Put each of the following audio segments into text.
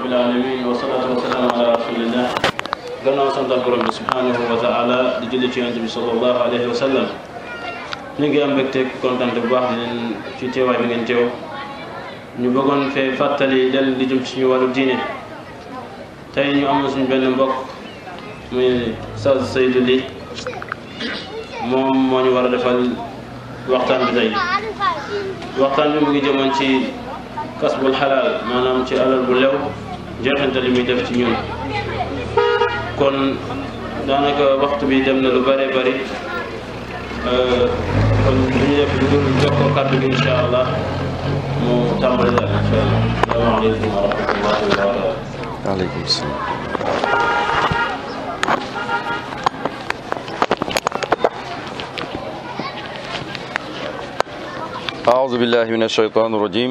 rabbil alamin wa salaatu wa salaamu ala rasulillah gannaaw santal borom bi subhanahu wa taala di julli ci yonent bi sallallahu alayhi wa sallam ñu ngi am mbégte kontaan bu baax leen ci teewaay bi ngeen teew ñu bëggoon fee fàttali dal di jëm ci suñu wàllu diine tey ñu amoon suñu benn mbokk muy Saz Seydou Ly moom moo ñu war a defal waxtaan bi tey waxtaan bi mu ngi jëmoon ci kasbul xalaal maanaam ci alal bu lew jeexantal li muy def ci ñun kon daanaka waxtu bi dem na lu bare bari euh, kon li ñu def lu dul jox ko kàddu bi incha allah mu tàmbali daal incha allah salaamaaleykum wa rahmatullahi wa barakatuh waaleykum salaam أعوذ بالله من الشيطان الرجيم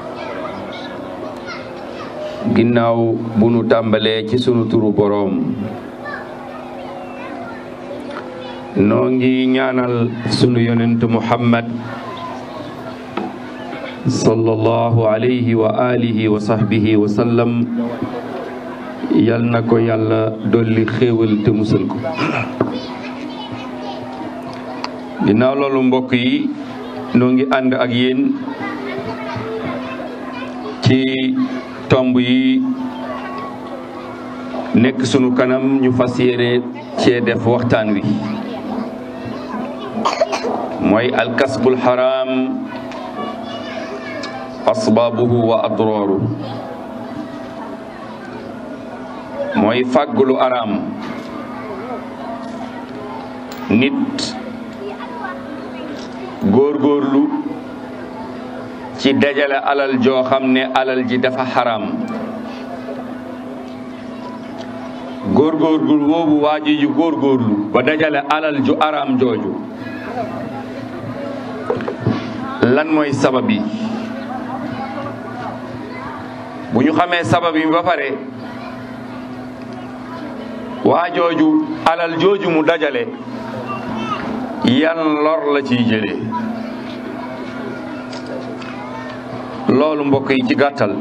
ginnaaw bu nu tàmbalee ci sunu turu boroom noo ngi ñaanal sunu yonent muhammad sallallahu alayhi wa alihi wa sahbihi wa sallam yal na ko yàlla dolli xéewal te musal ko ginnaaw loolu mbokk yi noo ngi ànd ak yéen ci tomb yi nekk sunu kanam ñu fas yére cee def waxtaan wi mooy alkasbul kasbu asbaabuhu wa adrooru mooy fàggulu araam nit góorgóorlu ci dajale alal joo xam ne alal ji dafa xaram góorgóorlu boobu waa ji ju góorgóorlu ba dajale alal ju aram jooju lan mooy sabab yi bu ñu xamee sabab yi ba pare waajooju alal jooju mu dajale yan lor la ciy jëlee loolu mbokk yi ci gàttal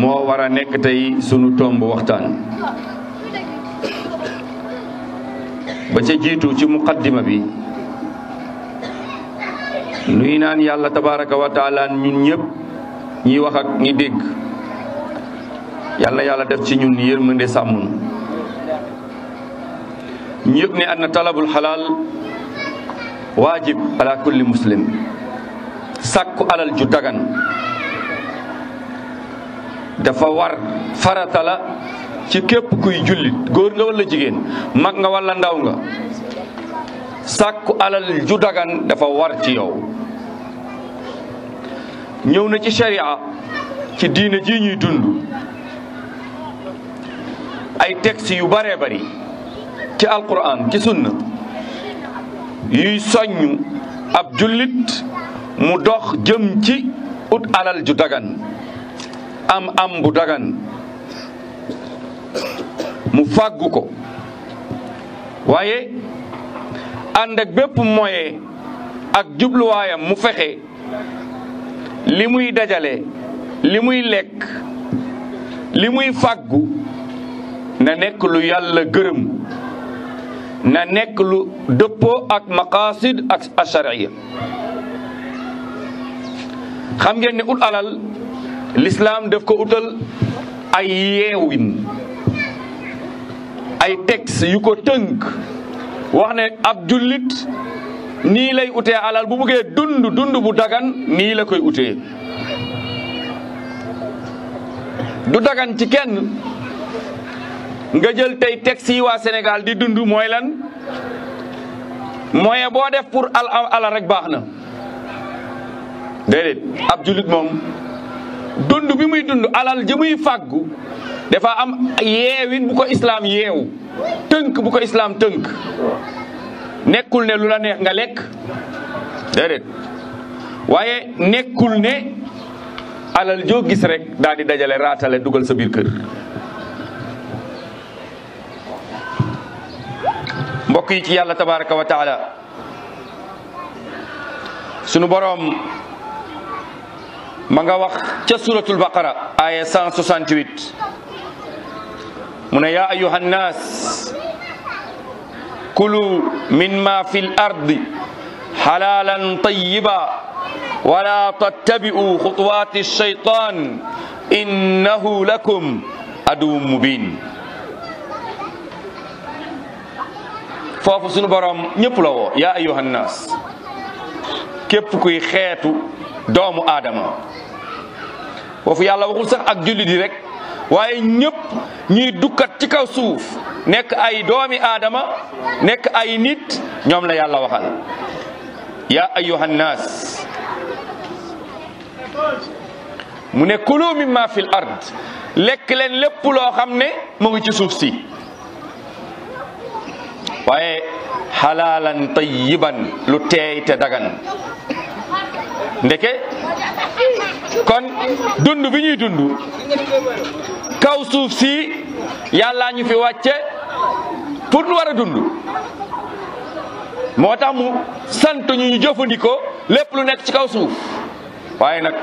moo war a nekk tey sunu tomb waxtaan ba ca jiitu ci muqaddima bi nuy naan yàlla tabaraka wa taala ñun ñëpp ñi wax ak ñi dégg yàlla yàlla def ci ñun yërmande sàmmun ñu yëg ne anna talabul xalaal waajib ala muslim sàkku alal ju dagan dafa war farata ci képp kuy jullit góor nga walla jigéen mag nga walla ndaw nga sàkku alal ju dagan dafa war ci yow ñëw na ci sharia ci diina ji ñuy dund ay textes yu baree bari ci alquran ci sunna yuy soññ ab jullit mu dox jëm ci ut alal ju dagan am am bu dagan mu fàggu ko waaye ànd ak bépp moyen ak jubluwaayam mu fexe li muy dajale li muy lekk li muy faggu na nekk lu yàlla gërëm na nekk lu dëppoo ak maqasid ak asharia xam ngeen ne ut alal l'islam def ko utal ay yeewin ay texte yu ko tënk wax ne ab jullit nii lay utee alal bu buggee dund dund bu dagan nii la koy utee du dagan ci kenn nga jël tey texte yi waa Sénégal di dund mooy lan moyen boo def pour al alal rek baax na déedéet ab julit moom dund bi muy dund alal ji muy fàggu dafa am yeewin bu ko islaam yeewu tënk bu ko islaam tënk nekkul ne lu la neex nga lekk déedéet waaye nekkul ne alal joo gis rek daal di dajale raatale dugal sa biir kër mbokk yi ci yàlla tabaraka wa taala sunu boroom ma nga wax ca suratul baqara aya 168 mu ne yaa ayuha nnaas kulu mimma fi l ardi xalaalan tayiba wala tattabi'u xutuwaati shaytaan innahu lakum aduwwun mubin foofu sunu borom ñëpp la woo yaa ayuha nnaas képp kuy xeetu doomu aadama foofu yàlla waxul sax ak jullit yi rek waaye ñëpp ñuy dukkat ci kaw suuf nekk ay doomi aadama nekk ay nit ñoom la yàlla waxal yaa ayyuhan naas mu ne kulu mimma fil ard lekk leen lépp loo xam ne mu ngi ci suuf si waaye xalaalan tayyiban lu teey te dagan ndeke kon dund bi ñuy dund kaw suuf si yàllaa ñu fi wàcce pour nu war a dund moo tax mu sant ñu ñu jëfandikoo lépp lu nekk ci kaw suuf waaye nag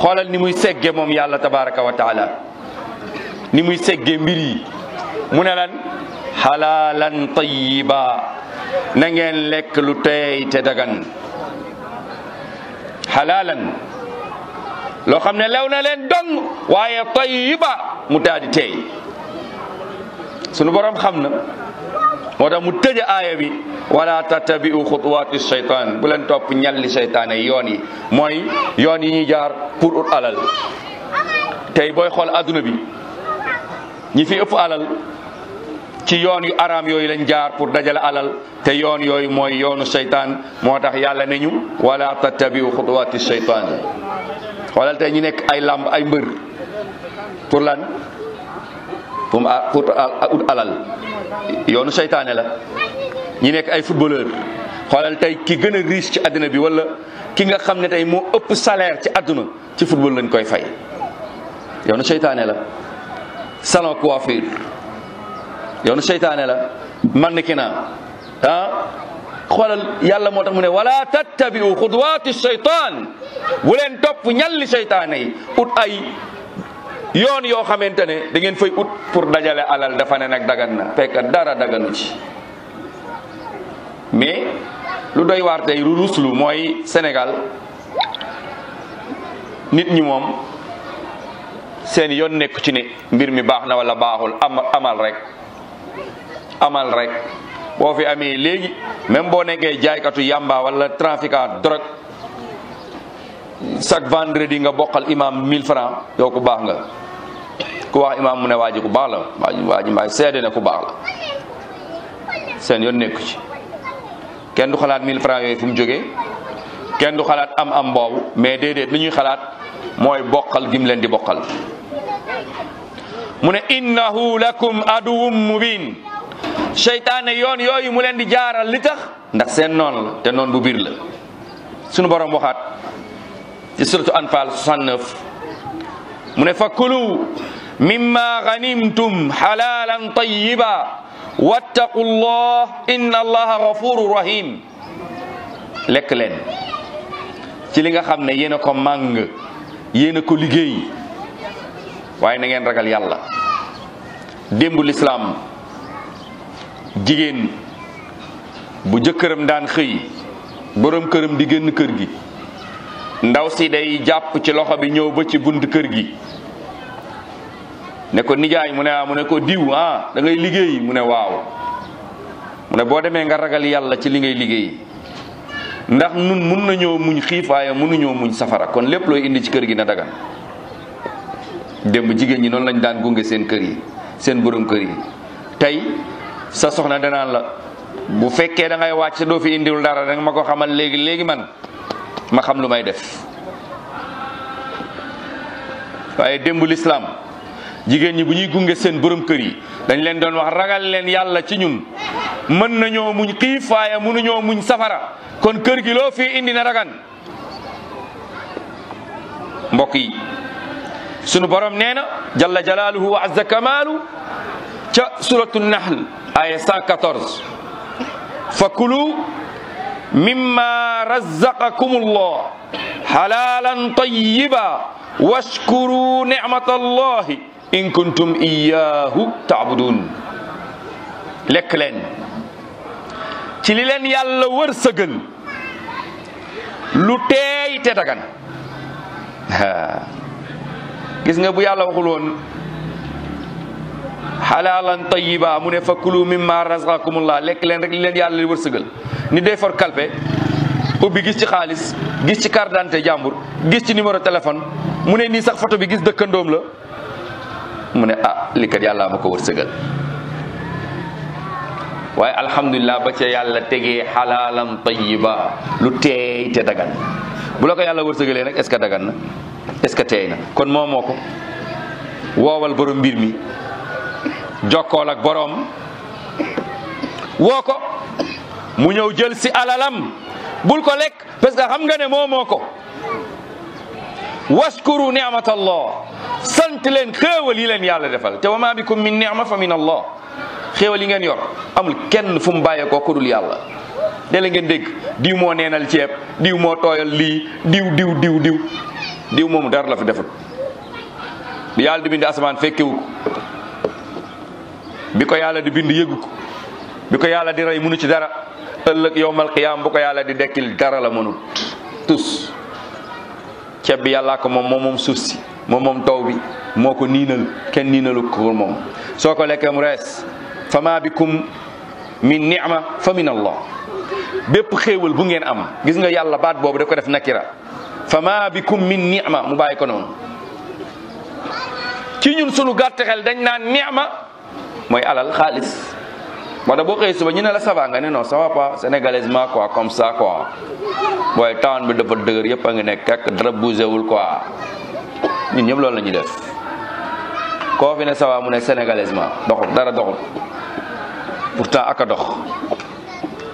xoolal ni muy segge moom yàlla tabaraka wa taala ni muy segge mbir yi mu ne lan xalaalan tayiba na ngeen lekk lu teey te dagan xalaalan loo xam ne lew na leen dong waaye tayiba mu daal tey teey sunu borom xam na moo tax mu tëj aaya bi wala tattabiu xutuwaati shaytaan bu leen topp ñalli shaytaane yoon yi mooy yoon yi ñuy jaar pour ut alal tey booy xool adduna bi ñi fi ëpp alal ci yoon yu araam yooyu lañ jaar pour dajale alal te yoon yooyu mooy yoonu seytaan moo tax yàlla ne ñu wala tattabiu xutuwaati seytaan yi xoolal tey ñu nekk ay làmb ay mbër pour lan pour ut alal yoonu seytaane la ñu nekk ay footballeur xoolal tey ki gën a riche ci àdduna bi wala ki nga xam ne tey moo ëpp salaire ci àdduna ci football lañ koy fay yoonu seytaane la salon coiffure yoonu seytaane la man ki naa ah xoolal yàlla moo tax mu ne wala tattabiu xudwaati seytaan bu leen topp ñalli seytaane yi ut ay yoon yoo xamante ne da ngeen fay ut pour dajale alal dafa ne nag dagan na fekk dara daganu ci mais lu doy waar tey mooy Sénégal nit ñi moom seen yoon nekk ci ne mbir mi baax na wala baaxul amal rek amal rek boo fi amee léegi même boo nekkee jaaykatu yamba wala trafiquant drogue chaque vendredi nga bokkal imam 1000 francs yow ku baax nga ku wax imam mu ne waa ji ku baax la waa ji mbaay seede ne ku baax la seen yoon nekk ci kenn du xalaat 1000 francs yooyu fu mu jógee kenn du xalaat am am boobu mais déedéet li ñuy xalaat mooy bokkal gim leen di bokkal mu ne innahu lakum aduwwum mubin seytaane yoon yooyu mu leen di jaaral li tax ndax seen noon bu biir la sunu borom waxaat ci suratu anfal 69 mu ne fa kulu mimma ganimtum xalalan tayiba wattaqu llah inna allaha gafuru rahim lekk leen ci li nga xam ne yéen ko màng yéen ko liggéey waaye na ngeen ragal yàlla démbu lislaam jigéen bu jëkkëram daan xëy boroom këram di génn kër gi ndaw si day jàpp ci loxo bi ñëw ba ci bunt kër gi ne ko nijaay mu ne ah mu ne ko diw ah dangay ngay liggéey mu ne waaw mu ne boo demee nga ragal yàlla ci li ngay liggéey ndax nun mun nañoo muñ xiif waaye mënuñoo muñ safara kon lépp looy indi ci kër gi na dagan démb jigéen ñi noonu lañ daan gunge seen kër yi seen borom kër yi tey sa soxna danaan la bu fekkee da ngay wàcc doo fi indiwul dara danga ma ko xamal léegi léegi man ma xam lu may def waaye démb lislaam jigéen ñi bu ñuy gunge seen boroom kër yi dañ leen doon wax ragal leen yàlla ci ñun mën nañoo muñ xiif waaye mënuñoo muñ safara kon kër gi loo fii indi na ragan mbokk yi sunu boroom nee na jalla jalaaluhu wa azza kamaalu ca suratu nahl aya 114 fa kulu mimma razaqakumullah halalan tayiba washkuru nicmatallahi in kuntum iyahu taabudun lekk leen ci li leen yàlla wërsëgal lu teey te dagan gis nga bu yàlla waxul woon xalaalan tayiba mu ne fa kulu mimma razaqakumullah lekk leen rek leen yàlla li wërsëgal ni day for kalpe ubbi gis ci xaalis gis ci carte d'identité gis ci numéro téléphone mu ne sax photo bi gis dëkkandoom la mu ne ah li kat yàlla ma ko wërsëgal waaye alhamdulilah ba ca yàlla tegee xalaalan tayiba lu teey te dagan bu yàlla wërsëgalee nag est ce que dagan na est ce kon moo moo ko woowal borom mbir mi jokkool ak boroom woo ko mu ñëw jël si alalam bul ko lekk parce que xam nga ne moo moo ko waskuru ni'mat allah sant leen xéewal yi leen yàlla defal te wa ma bikum min ni'ma fa min allah xéewal ngeen yor amul kenn fu mu bàyyeekoo ku dul yàlla de ngeen dégg diw moo neenal ceeb diw moo tooyal lii diw diw diw diw diw moomu dara la fi defut bi yàlla di bind asamaan fekkewu bi ko yàlla di bind yëgu ko bi ko yàlla di rey mënu ci dara ëllëg yowmal qiyaam bu ko yàlla di dekkil dara la mënut tus ceeb bi yàllaa ko moom moom moom suuf si moom moom taw bi moo ko niinal kenn niinalu ko moom soo ko lekkee mu rees fa bi bikum min ni'ma fa min allah bépp xéewal bu ngeen am gis nga yàlla baat boobu da ko def nakira fa bi bikum min ni'ma mu bàyyi ko noon ci ñun sunu gàtt xel dañ naan ni'ma mooy alal xaalis moo tax boo xëyee suba ñu ne la ça nga ne non ça va pas sénégalaisement quoi comme ça quoi waaye town dafa dëgër yëpp a ngi nekk ak dara bougé wul quoi ñun ñëpp loolu la ñuy def koo fi ne ça va mu ne sénégalaisement doxul dara doxul pourtant ak a dox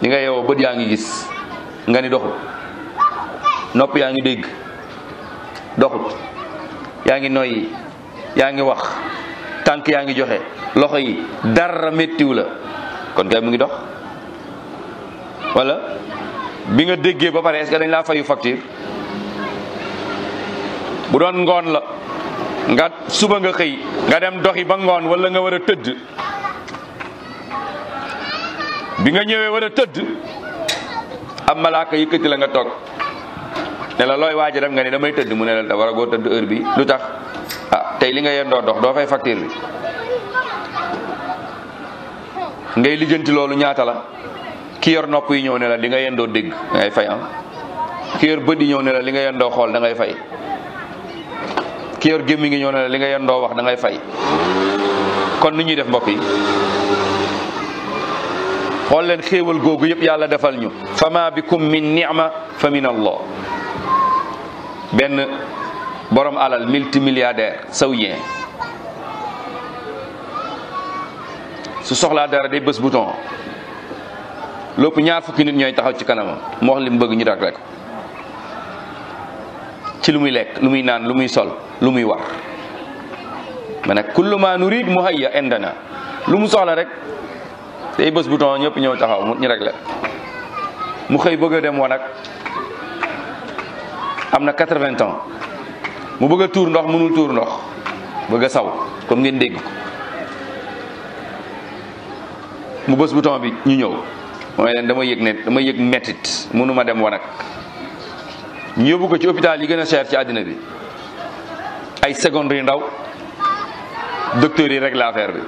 li nga yeewoo bët yaa ngi gis nga ni doxul nopp yaa ngi dégg doxul yaa ngi noyyi yaa ngi wax tànk yaa ngi joxe loxo yi dara méttiwu la kon kay mu ngi dox wala bi nga déggee ba pare est-ce dañ laa fayu facture bu doon ngoon la nga suba nga xëy nga dem doxi ba ngoon wala nga war a tëdd bi nga ñëwee war a tëdd am malaaka yëkkati la nga toog ne la looy waaja dem nga ne damay tëdd mu ne la da war a goo tëdd heure bi lu tax ah tey li nga doo dox doo fay facture bi ngay lijjanti loolu ñaata la kii yor nopp yi ñëw ne la li nga yendoo dégg da ngay am ah. ki yor bët yi ñëw ne la li nga yendoo xool da fay ki yor gémmi ngi ñëw ne li nga yendoo wax da ngay fay kon nu ñuy def mbokk yi xool leen xéewal googu yëpp yàlla defal ñu fama bikum min ni'ma fa min allah benn borom alal multimilliardaire saoudien su soxlaa dara day bës bouton lépp ñaar fukki nit ñooy taxaw ci kanamam mu wax li mu bëgg ñu rek rek ci lu muy lekk lu muy naan lu muy sol lu muy war ma ne kullu ma nurid muhayya indana lu mu soxla rek day bës bouton ñëpp ñëw taxaw ñu rek la mu xëy bëgg dem wanag am na 80 ans. mu bëgg a tuur ndox mënul tuur ndox bëgg a saw comme ngeen dégg ko mu bës bouton bi ñu ñëw mooy leen dama yëg ne dama yëg mettit mënuma dem wanag ñu yóbbu ko ci hôpital yi gën a cher ci àddina bi ay seconde yu ndaw docteurs yi rek la affaire bi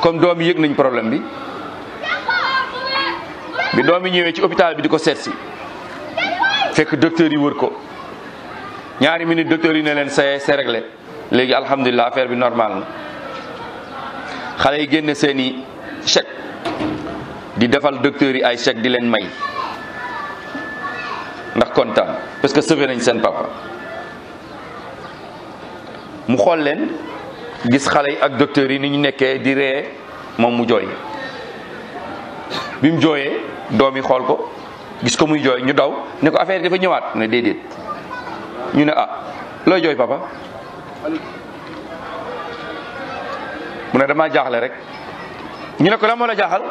comme doom yi yëg nañ problème bi bi doom yi ñëwee ci hôpital bi di ko seet si fekk docteurs yi wër ko ñaari minute docteur yi ne leen c'est c'est léegi alhamdulilah affaire bi normal na xale yi génne seen i chèque di defal docteur yi ay chèque di leen may ndax kontaan parce que sauvé nañ seen papa mu xool leen gis xale yi ak docteur yi ni ñu nekkee di ree moom mu jooy bi mu jooyee doom yi xool ko gis ko muy jooy ñu daw ne ko affaire dafa ñëwaat ne déedéet ñu ne ah looy jooy papa mu ne damaa jaaxle rek ñu ne ko lan moo la jaaxal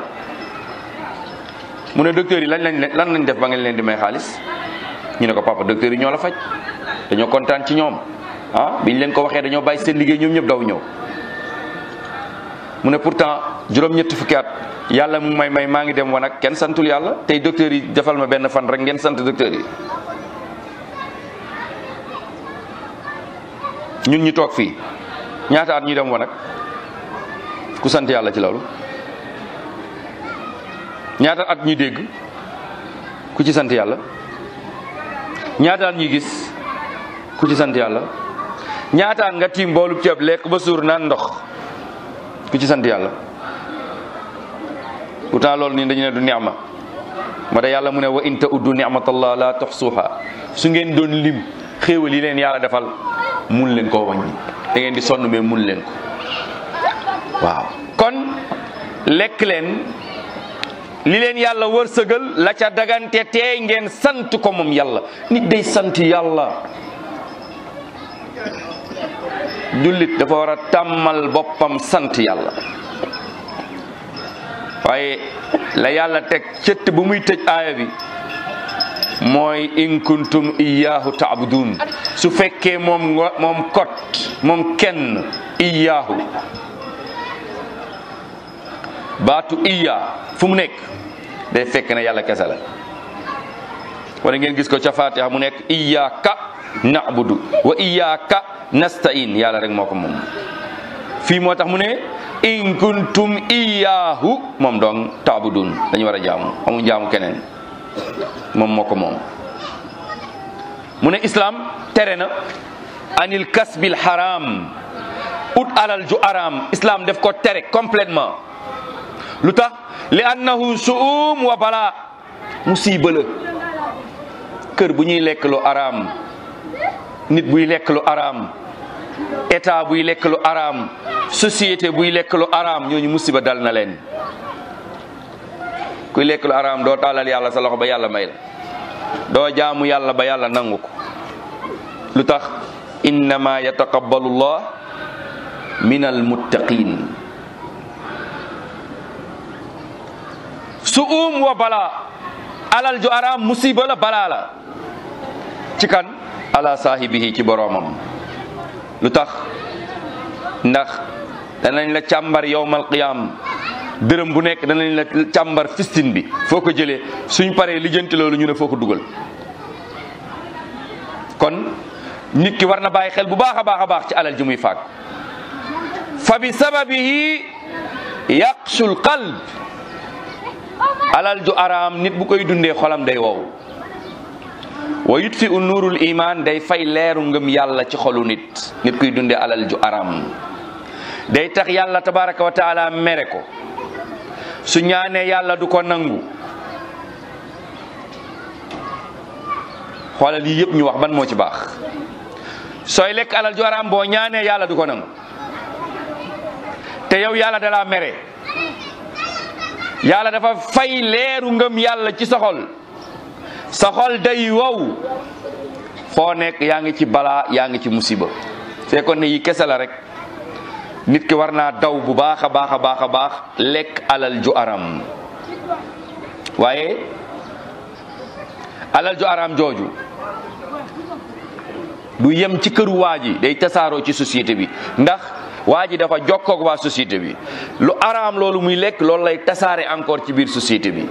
mu ne docteur yi lañ lañ lan lañ def ba ngeen leen di may xaalis ñu ne ko papa docteur yi ñoo la faj dañoo kontaan ci ñoom bi ah, biñ leen ko waxee dañoo bàyyi seen liggéey ñoom ñëpp daw ñëw. mu ne pourtant juróom-ñetti fukki yàlla mu may may maa ngi dem woon ak kenn santul yàlla tey docteur yi defal ma benn fan rek ngeen sant docteur yi. ñun ñu toog fii ñaata at ñuy dem wa nag ku sant yàlla ci loolu ñaata at ñi dégg ku ci sant yàlla ñaata ñuy gis ku ci sant yàlla ñaata at nga tiim boolub ceeb lekk ba suur naan ndox ku ci sant yàlla pourtant loolu nii dañu ne du ni'ma ma da yàlla mu ne wa in ta'uddu ni'matallah la tuhsuha su ngeen doon lim xéewal yi leen yàlla defal mun leen koo wàññi da ngeen di sonn mais mun leen ko waaw kon lekk leen li leen yàlla wërsëgal la ca dagante te ngeen sant ko moom yàlla nit day sant yàlla jullit dafa war a tàmmal boppam sant yàlla waaye la yàlla teg cëtt bu muy tëj aaya bi mooy in kuntum iyaahu taabudun su fekkee moom moom kot moom kenn iyaahu baatu iya fu mu nekk day fekk na yàlla kese la wala ngeen gis ko ca fatiha mu nekk iyaaka na'budu wa iyaaka nasta'in yàlla rek moo ko moom fii moo tax mu ne in kuntum iyaahu moom dong taabudun dañu war a jaamu amuñ jaamu keneen moom moo ko moom mu ne islaam tere na anil kasbil haram ut alal ju haram islaam def ko tere complètement lu tax li annahu suum wa bala musiba la kër bu ñuy lekk lu haram nit buy lekk lu haram état buy lekk lu haram société buy lekk lu haram ñooñu musiba dal na leen kuy lekk lu araam doo taalal yàlla sa loxo ba yàlla may la doo jaamu yàlla ba yàlla nangu ko lu tax innama yataqabbalu llah min almuttaqin suum wa balaa alal ju araam musiba la balaa kan ala saahibihi ci boroomam lu tax ndax danañ la càmbar yowmal qiyaam dërëm bu nekk danañ la càmbar fistin bi foo ko jëlee suñ paree lijjanti loolu ñu ne foo ko dugal kon nit ki war na bàyyi xel bu baax a baax a baax ci alal ji muy faag fa bi sababihi yaqsul qalb alal ju araam nit bu koy dundee xolam day wow wa fi u nuurul iman day fay leeru ngam yàlla ci xolu nit nit kuy dundee alal ju araam day tax yàlla tabaraka wa taala mere ko su ñaanee yàlla du ko nangu xoolal yii yëpp ñu wax ban moo ci baax sooy lekk alal ju araam boo ñaanee yàlla du ko nangu te yow yàlla dalaa mere yàlla dafa fay leeru ngëm yàlla ci soxol soxol day wow foo nekk yaa ngi ci balaa yaa ngi ci musiba fekkoon ne yi kese la rek nit ki war naa daw bu baax a baax a baax a baax lekk alal ju aram waaye alal ju araam jooju du yem ci këru waa ji day tasaaroo ci société bi ndax waa ji dafa jokkoog waa société bi lu araam loolu muy lekk loolu lay tasaare encore ci biir société bi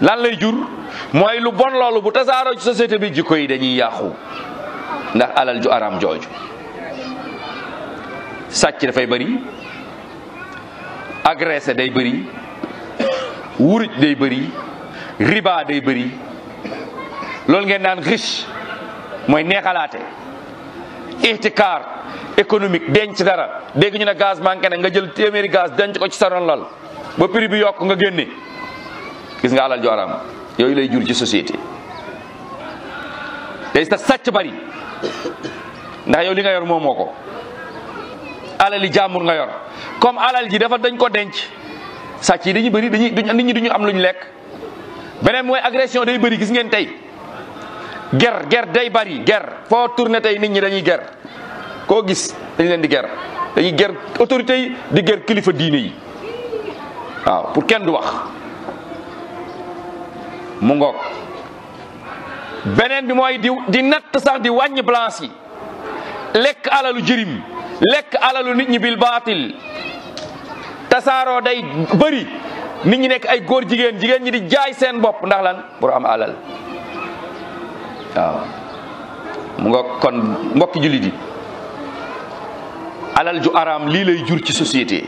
lan lay jur mooy lu bon loolu bu tasaaroo ci société bi jikko yi dañuy yàqu ndax alal ju araam jooju sàcc dafay bëri agressé day bëri wuruj day bëri riba day bëri loolu ngeen naan riche mooy neexalaate ixtikaar économique denc dara dégg ñu ne gaz manqué na nga jël téeméeri gaz denc ko ci sa lal ba prix bi yokk nga génne gis nga alal ju yooyu lay jur ci société day sa sàcc bari ndax yow li nga yor moomoo ko yi jàmbur nga yor comme alal ji dafa dañ ko denc sàcc yi dañuy bari dañuy nit ñi duñu am lu ñu lekk beneen mooy agression day bëri gis ngeen tey ger ger day bëri ger foo tourné tey nit ñi dañuy ger koo gis dañ leen di ger dañuy ger di ger kilifa diine yi waaw kenn du wax mu ngoog beneen bi mooy di di natt sax di wàññi balance yi lekk alalu jërim lekk alalu nit ñi bil baatil tasaaroo day bëri nit ñi nekk ay góor jigéen jigéen ñi di jaay seen bopp ndax lan pour am alal waaw mu nga mbokki jullit yi alal ju araam lii lay jur ci société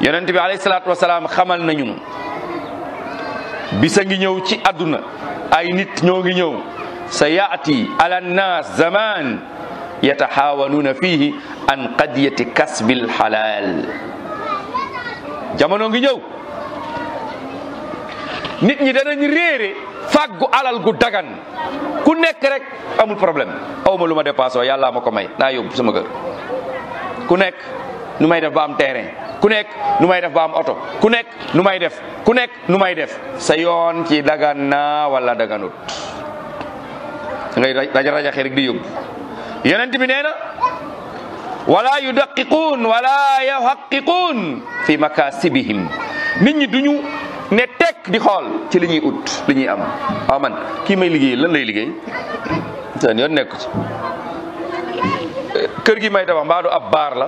yonent bi alayhi salaatu wasalaam xamal nañu bisa ngi ñëw ci àdduna ay nit ñoo ngi ñëw sa yaati ala naas zaman yatahaawaluna fihi an qadiyati kasbil halal jamono ngi ñëw nit ñi danañ réere fàggu alal gu dagan ku nekk rek amul problème awma lu ma dépassé oo yàlla ma ko may naa yóbbu sama kër ku nekk nu may def ba am terrain ku nekk nu may def ba am oto ku nekk nu may def ku nekk nu may def sa yoon ci dagan na wala daganut ngay raja rajaxe rek di yóbbu yonent bi nee na wala yudaqiquun wala fi makasibihim nit ñi duñu ne tekk di xool ci li ñuy ut li ñuy am waaw man kii may liggéey lan lay liggéey seen yoon nekku ci kër gi may tabax mbaa du ab baar la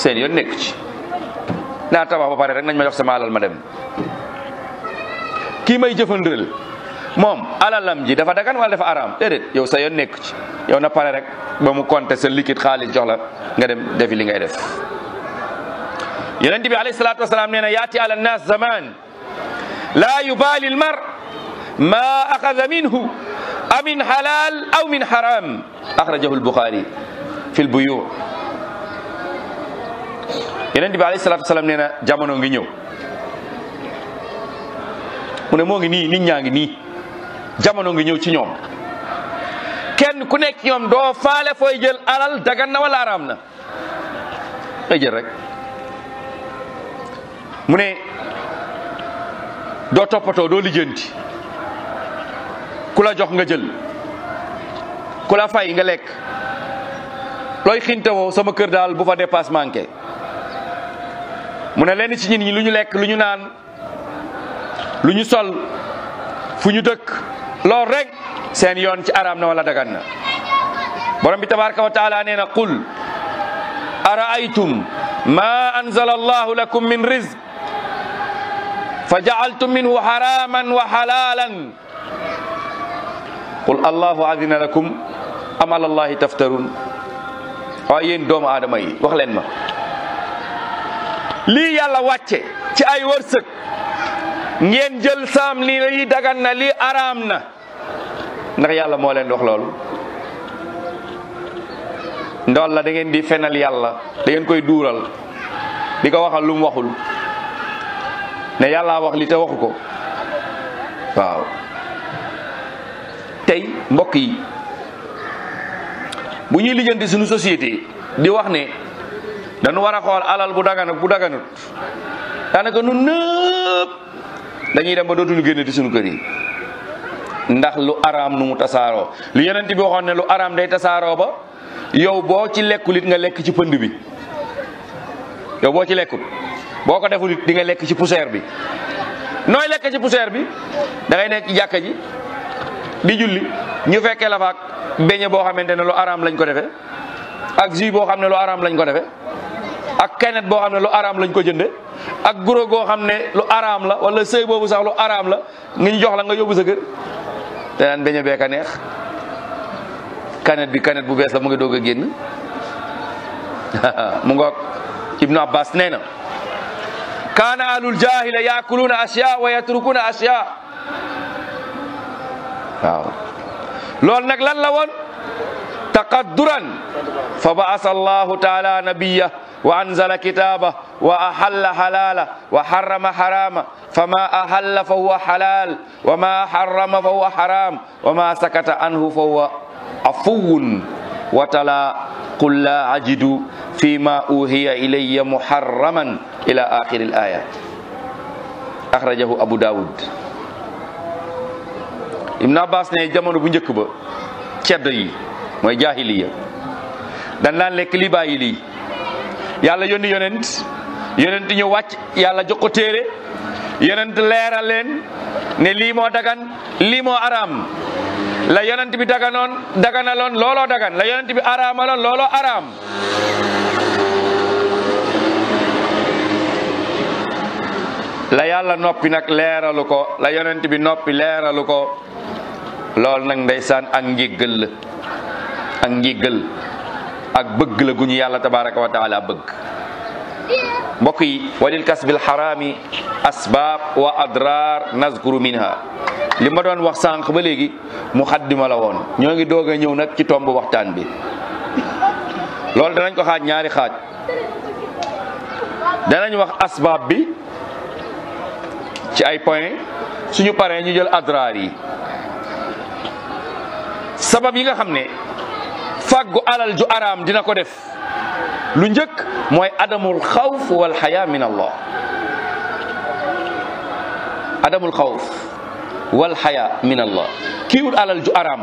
seen yoon nekku naa tabax ba pare rek nañ ma jox sama ma dem kii may jëfandil moom alalam ji dafa dagan wala dafa araam yow sa yoon nekk ci yow na pare rek ba mu compter sa liquide xaalis jox la nga dem defi li ngay def yonent bi alayhi salaatu wasalaam nee na yaati ala nnaas zaman laa yubaali lmar ma axada minhu a halal aw min haram axrajahu lbuxaari fi lbuyu yonent bi alayhi salaatu wasalaam ngi ñëw mu ñaa ngi nii jamono ngi ñëw ci ñoom kenn ku nekk ñoom doo faale foo jël alal dagan na araam na ngay jël rek mu ne doo toppatoo doo lijjanti ku la jox nga jël ku la fay nga lekk looy xintawoo sama kër daal bu fa dépasse manqué mu ne lenn ci nit lu ñu lekk lu ñu naan lu ñu sol fu ñu dëkk loo rek seen yoon ci araam na wala dagan na borom bi tabaraka wa taala qul araaytum ma anzala allahu lakum min rizq fa jaaltum minhu haraman wa halalan qul allahu adina lakum am ala allahi taftarun yi wax lii yàlla wàcce ci ay wërsëg ngeen jël saam lii dagan na lii araam na ndax yàlla moo leen dox loolu ndool la dangeen di fenal yàlla da koy duural di ko waxal lum waxul ne yàlla wax li te waxu ko waaw tey mbokk yi bu ñuy lijjanti suñu société di wax ne dañu war a xool alal bu dagan bu daganut daanaka nun nëpp dañuy dem ba dootuñu génn di suñu kër yi ndax lu araam nu mu tasaaroo lu yonent bi ne lu araam day tasaaroo ba yow boo ci lekkulit nga lekk ci pënd bi yow boo ci lekkul boo ko defulit di nga lekk ci poussière bi nooy lekk ci poussière bi da nekk ci jàkka ji di julli ñu fekkee la faak beñe boo xamante ne lu araam lañ ko defee ak jus boo xam ne lu araam lañ ko defee ak kanet boo xam ne lu araam lañ ko jënde ak guro goo xam ne lu araam la wala sëy boobu sax lu araam la nga ñu jox la nga yóbbu sa danaan beñe beek a neex kanet bi kanet bu bees la mu ngi doog a génn mu ngoog ibnu abbas nee na kaana alul jahila yaakuluuna asya wa yatrukuuna asya waaw loolu nag lan la woon taqadduran fa baasa allahu taala nabiya wa anzala kitaba wa ahalla halala wa harrama harama fama ahalla fa huwa halal wa ma harrama fa huwa haram wa ma sakata anhu fa huwa afuwun watala qul la ajidu fi ma uhiya ilayya muharraman ila akhiril aya akhrajahu abu dawud ibn abbas ne jamono bu njëkk ba cedd yi mooy jaahiliya dan daan lekk li bàyyi lii yàlla yónni yonent yonent ñu wàcc yàlla jox ko téere yonent leeral leen ne lii moo dagan lii araam la yonent bi daganoon daganaloon looloo dagan la yonent bi araamaloon loolo araam la yàlla noppi nag leeralu ko la yonent bi noppi leeralu ko lool nag ndeysaan ak ngigël ak ngigël ak bëgg la gu ñu yàlla tabaraka wa taala bëgg mbokk yi walil kasbil xaraami asbaab wa adrar nazkuru minha li ma doon wax sànq ba léegi mu xaddima la woon ñoo ngi doog ñëw nag ci tomb waxtaan bi loolu danañ ko xaaj ñaari xaaj danañ wax asbaab bi ci ay point suñu paree ñu jël adrar yi sabab yi nga xam ne fàggu alal ju araam dina ko def lu njëkk mooy adamul xawf wal xayaa min allah adamul xawf wal xayaa min allah kii wut alal ju araam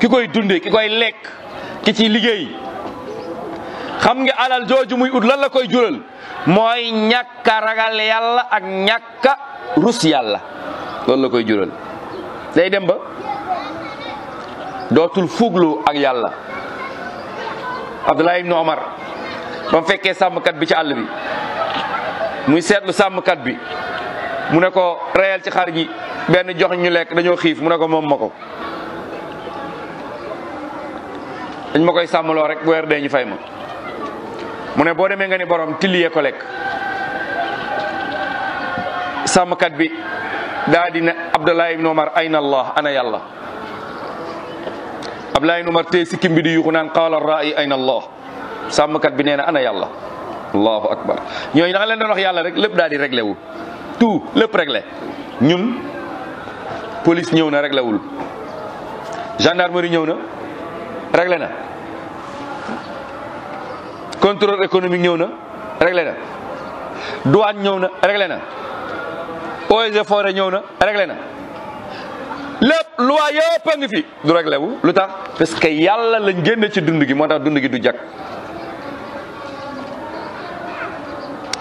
ki koy dunde ki koy lekk ki ci liggéey xam nga alal jooju muy ut lan la koy jural mooy ñàkk ragal yàlla ak ñàkk a rus yàlla loolu koy jural dootul fuuglu ak yàlla Abdullah ibnu Omar ba mu fekkee sàmmkat bi ci àll bi muy seetlu sàmmkat bi mu ne ko reyal ci xar gi benn jox ñu lekk dañoo xiif mu ne ko moom ma ko dañ ma koy sàmmaloo rek bu weer dee ñu fay ma mu ne boo demee nga ni borom tiliyee ko lekk sàmmkat bi daa di ne Abdullah ibnu Omar ayna Allah ana yàlla Abdoulaye Umar tey sikkim bi di yuxu naan qaala ra'i ayna allah sàmmkat bi nee na ana yàlla allahu akbar ñooñu da nga leen doon wax yàlla rek lépp daal di réglé wu tout lépp police ñëw na réglé wul gendarmerie ñëw na réglé na contrôle économique ñëw na réglé na douane ñëw na lépp loi yëpp a ngi fi du réglé wu lu tax parce que yàlla lañ génne ci dund gi moo tax dund gi du jag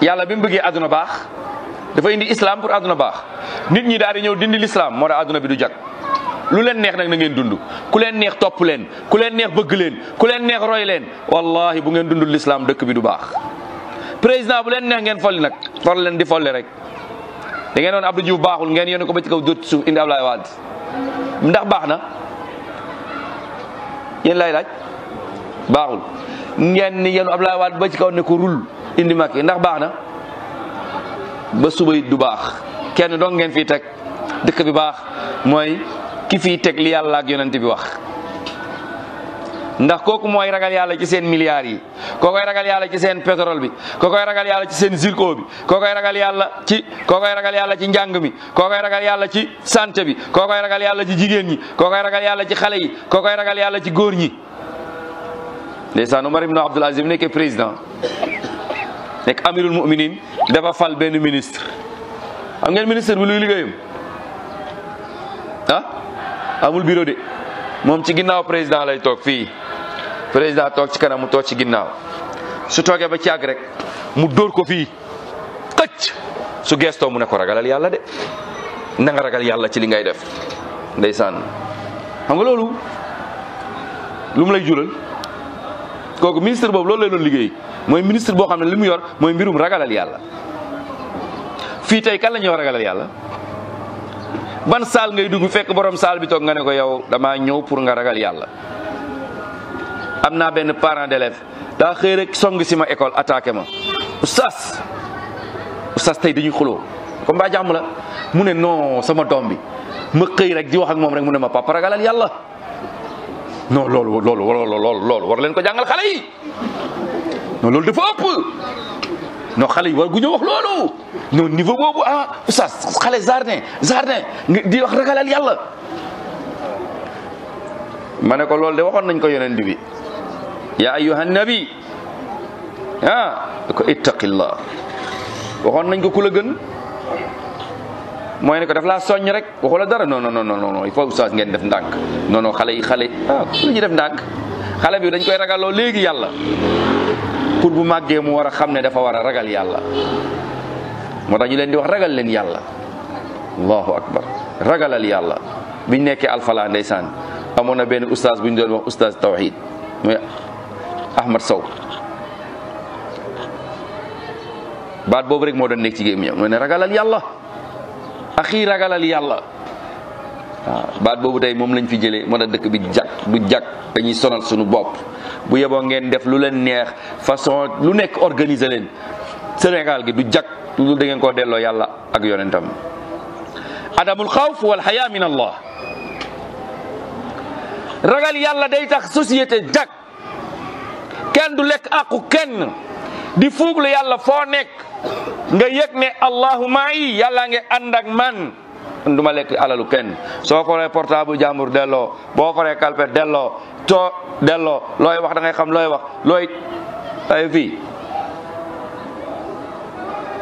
yàlla bi mu bëggee àdduna baax dafa indi islam pour àdduna baax nit ñi daar di ñëw dindi l'islam moo tax àdduna bi du jag lu leen neex nag na ngeen dund ku leen neex topp leen ku leen neex bëgg leen ku leen neex roy leen wallahi bu ngeen dund l'islam dëkk bi du baax président bu leen neex ngeen folli nag fol leen di folli rek da ngeen doon Abdou baaxul ngeen yónni ko ba ci kaw dóot suuf indi Ablaye Wade ndax baax na yéen lay laaj baaxul ngeen ni yéen Abdoulaye Wade ba ci kaw ne ko rul indi Macky ndax baax na ba subay du baax kenn doon ngeen fii teg dëkk bi baax mooy ki fii teg li yàlla ak bi wax ndax kooku mooy ragal yàlla ci seen milliards yi kookoy ragal yàlla ci seen pétrole bi kookoy ragal yàlla ci seen zircon bi kookoy ragal yàlla ci kookoy ragal yàlla ci njàng mi kookoy ragal yàlla ci santé bi kookoy ragal yàlla ci jigéen ñi kookoy ragal yàlla ci xale yi kookoy ragal yàlla ci góor ñi ndeysaan Umar ibn Abdul Aziz nekkee président nekk amirul muminin dafa fal benn ministre am ngeen ministre bi luy liggéeyam ah amul bureau de moom ci ginnaaw président lay toog fii président toog ci kanam mu toog ci ginnaaw su toogee ba ci àgg rek mu dóor ko fii xëcc su geestoo mu ne ragalal yàlla de na ragal yàlla ci li ngay def ndeysaan xam nga loolu lu mu lay jural kooku ministre boobu loolu lay doon liggéey mooy ministre boo xam ne li mu yor mooy mbirum ragalal yàlla fii tey kan la ñuy wax ragalal yàlla ban saal ngay dugg fekk borom saal bi toog nga ne ko yow damaa ñëw pour nga ragal yàlla am naa benn parent d'élève daa xëy rek song si ma école attaqué ma oustaz oustaz tey dañuy xuloo comme ba jàmm la mu ne noo sama doom bi ma xëy rek di wax ak moom rek mu ne ma papa ragalal yàlla non loolu loolu loolu loolu war leen ko jàngal xale yi loolu dafa ëpp xale yi war gu ñu wax loolu non niveau boobu ah oustaz xale jardin jardin di wax ragalal yàlla ma ne ko loolu de waxoon nañ ko yonent bi ya ayyuhan nabi ah ko ittaqillah waxoon nañ ko ku la gën mooy ne ko daf laa soññ rek waxu la dara non non non non il faut oustaz ngeen def ndànk non non xale yi xale ah, def ndànk xale bi dañ koy ragaloo léegi yàlla pour bu màggee mu war a xam ne dafa war a ragal yàlla moo tax ñu leen di wax ragal leen yàlla allahu akbar ragalal yàlla biñ nekkee alfala ndeysaan amoon na benn oustaz bu ñu doon wax oustaz tawhid Ahmad Sow baat boobu rek moo doon nekk ci gémmiñam mu ne ragalal yàlla axi ragalal yàlla waaw baat boobu tey moom lañ fi jëlee mën a dëkk bi jàkk du jàkk dañuy sonal suñu bopp bu yeboo ngeen def lu leen neex façon lu nekk organiser leen Sénégal gi du jàkk lu da ngeen koo delloo yàlla ak yonentam adamul xawf wal xayaa min allah ragal yàlla day tax société jàkk kenn du lekk àqu kenn di fuuglu yàlla foo nekk nga yëg ne allahuma yi yàlla nga ànd ak man du ma lekk alalu kenn soo koree portable jàmbur delloo boo koree kalpe delloo coo delloo looy wax da ngay xam looy wax looy ay fii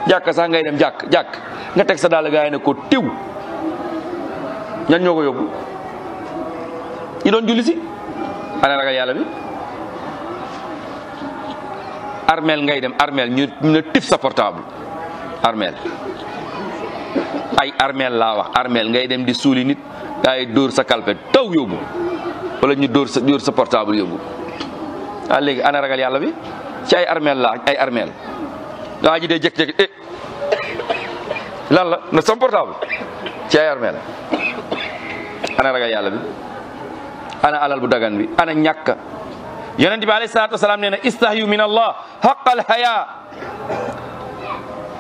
jàkk sax ngay dem jàkk jàkk nga teg sa daal gaay ne ko tiw ñan ñoo ko yóbbu ñi doon julli si ana yàlla bi armeel ngay dem armeel ñu na tif sa portable armeel ay armeel laa wax armeel ngay dem di suuli nit ay dóor sa kalpe taw yóbbu wala ñu dóor sa dóor sa portable léegi ana ragal yàlla bi ci ay armeel laa ay armeel waa ji dee jékki-jékki eh la na sam ci ay armeel ana ragal yàlla bi ana alal bu dagan bi ana ñàkk yonent bi alayhi salaatu wasalaam nee na istahyu min allah haqqa alhaya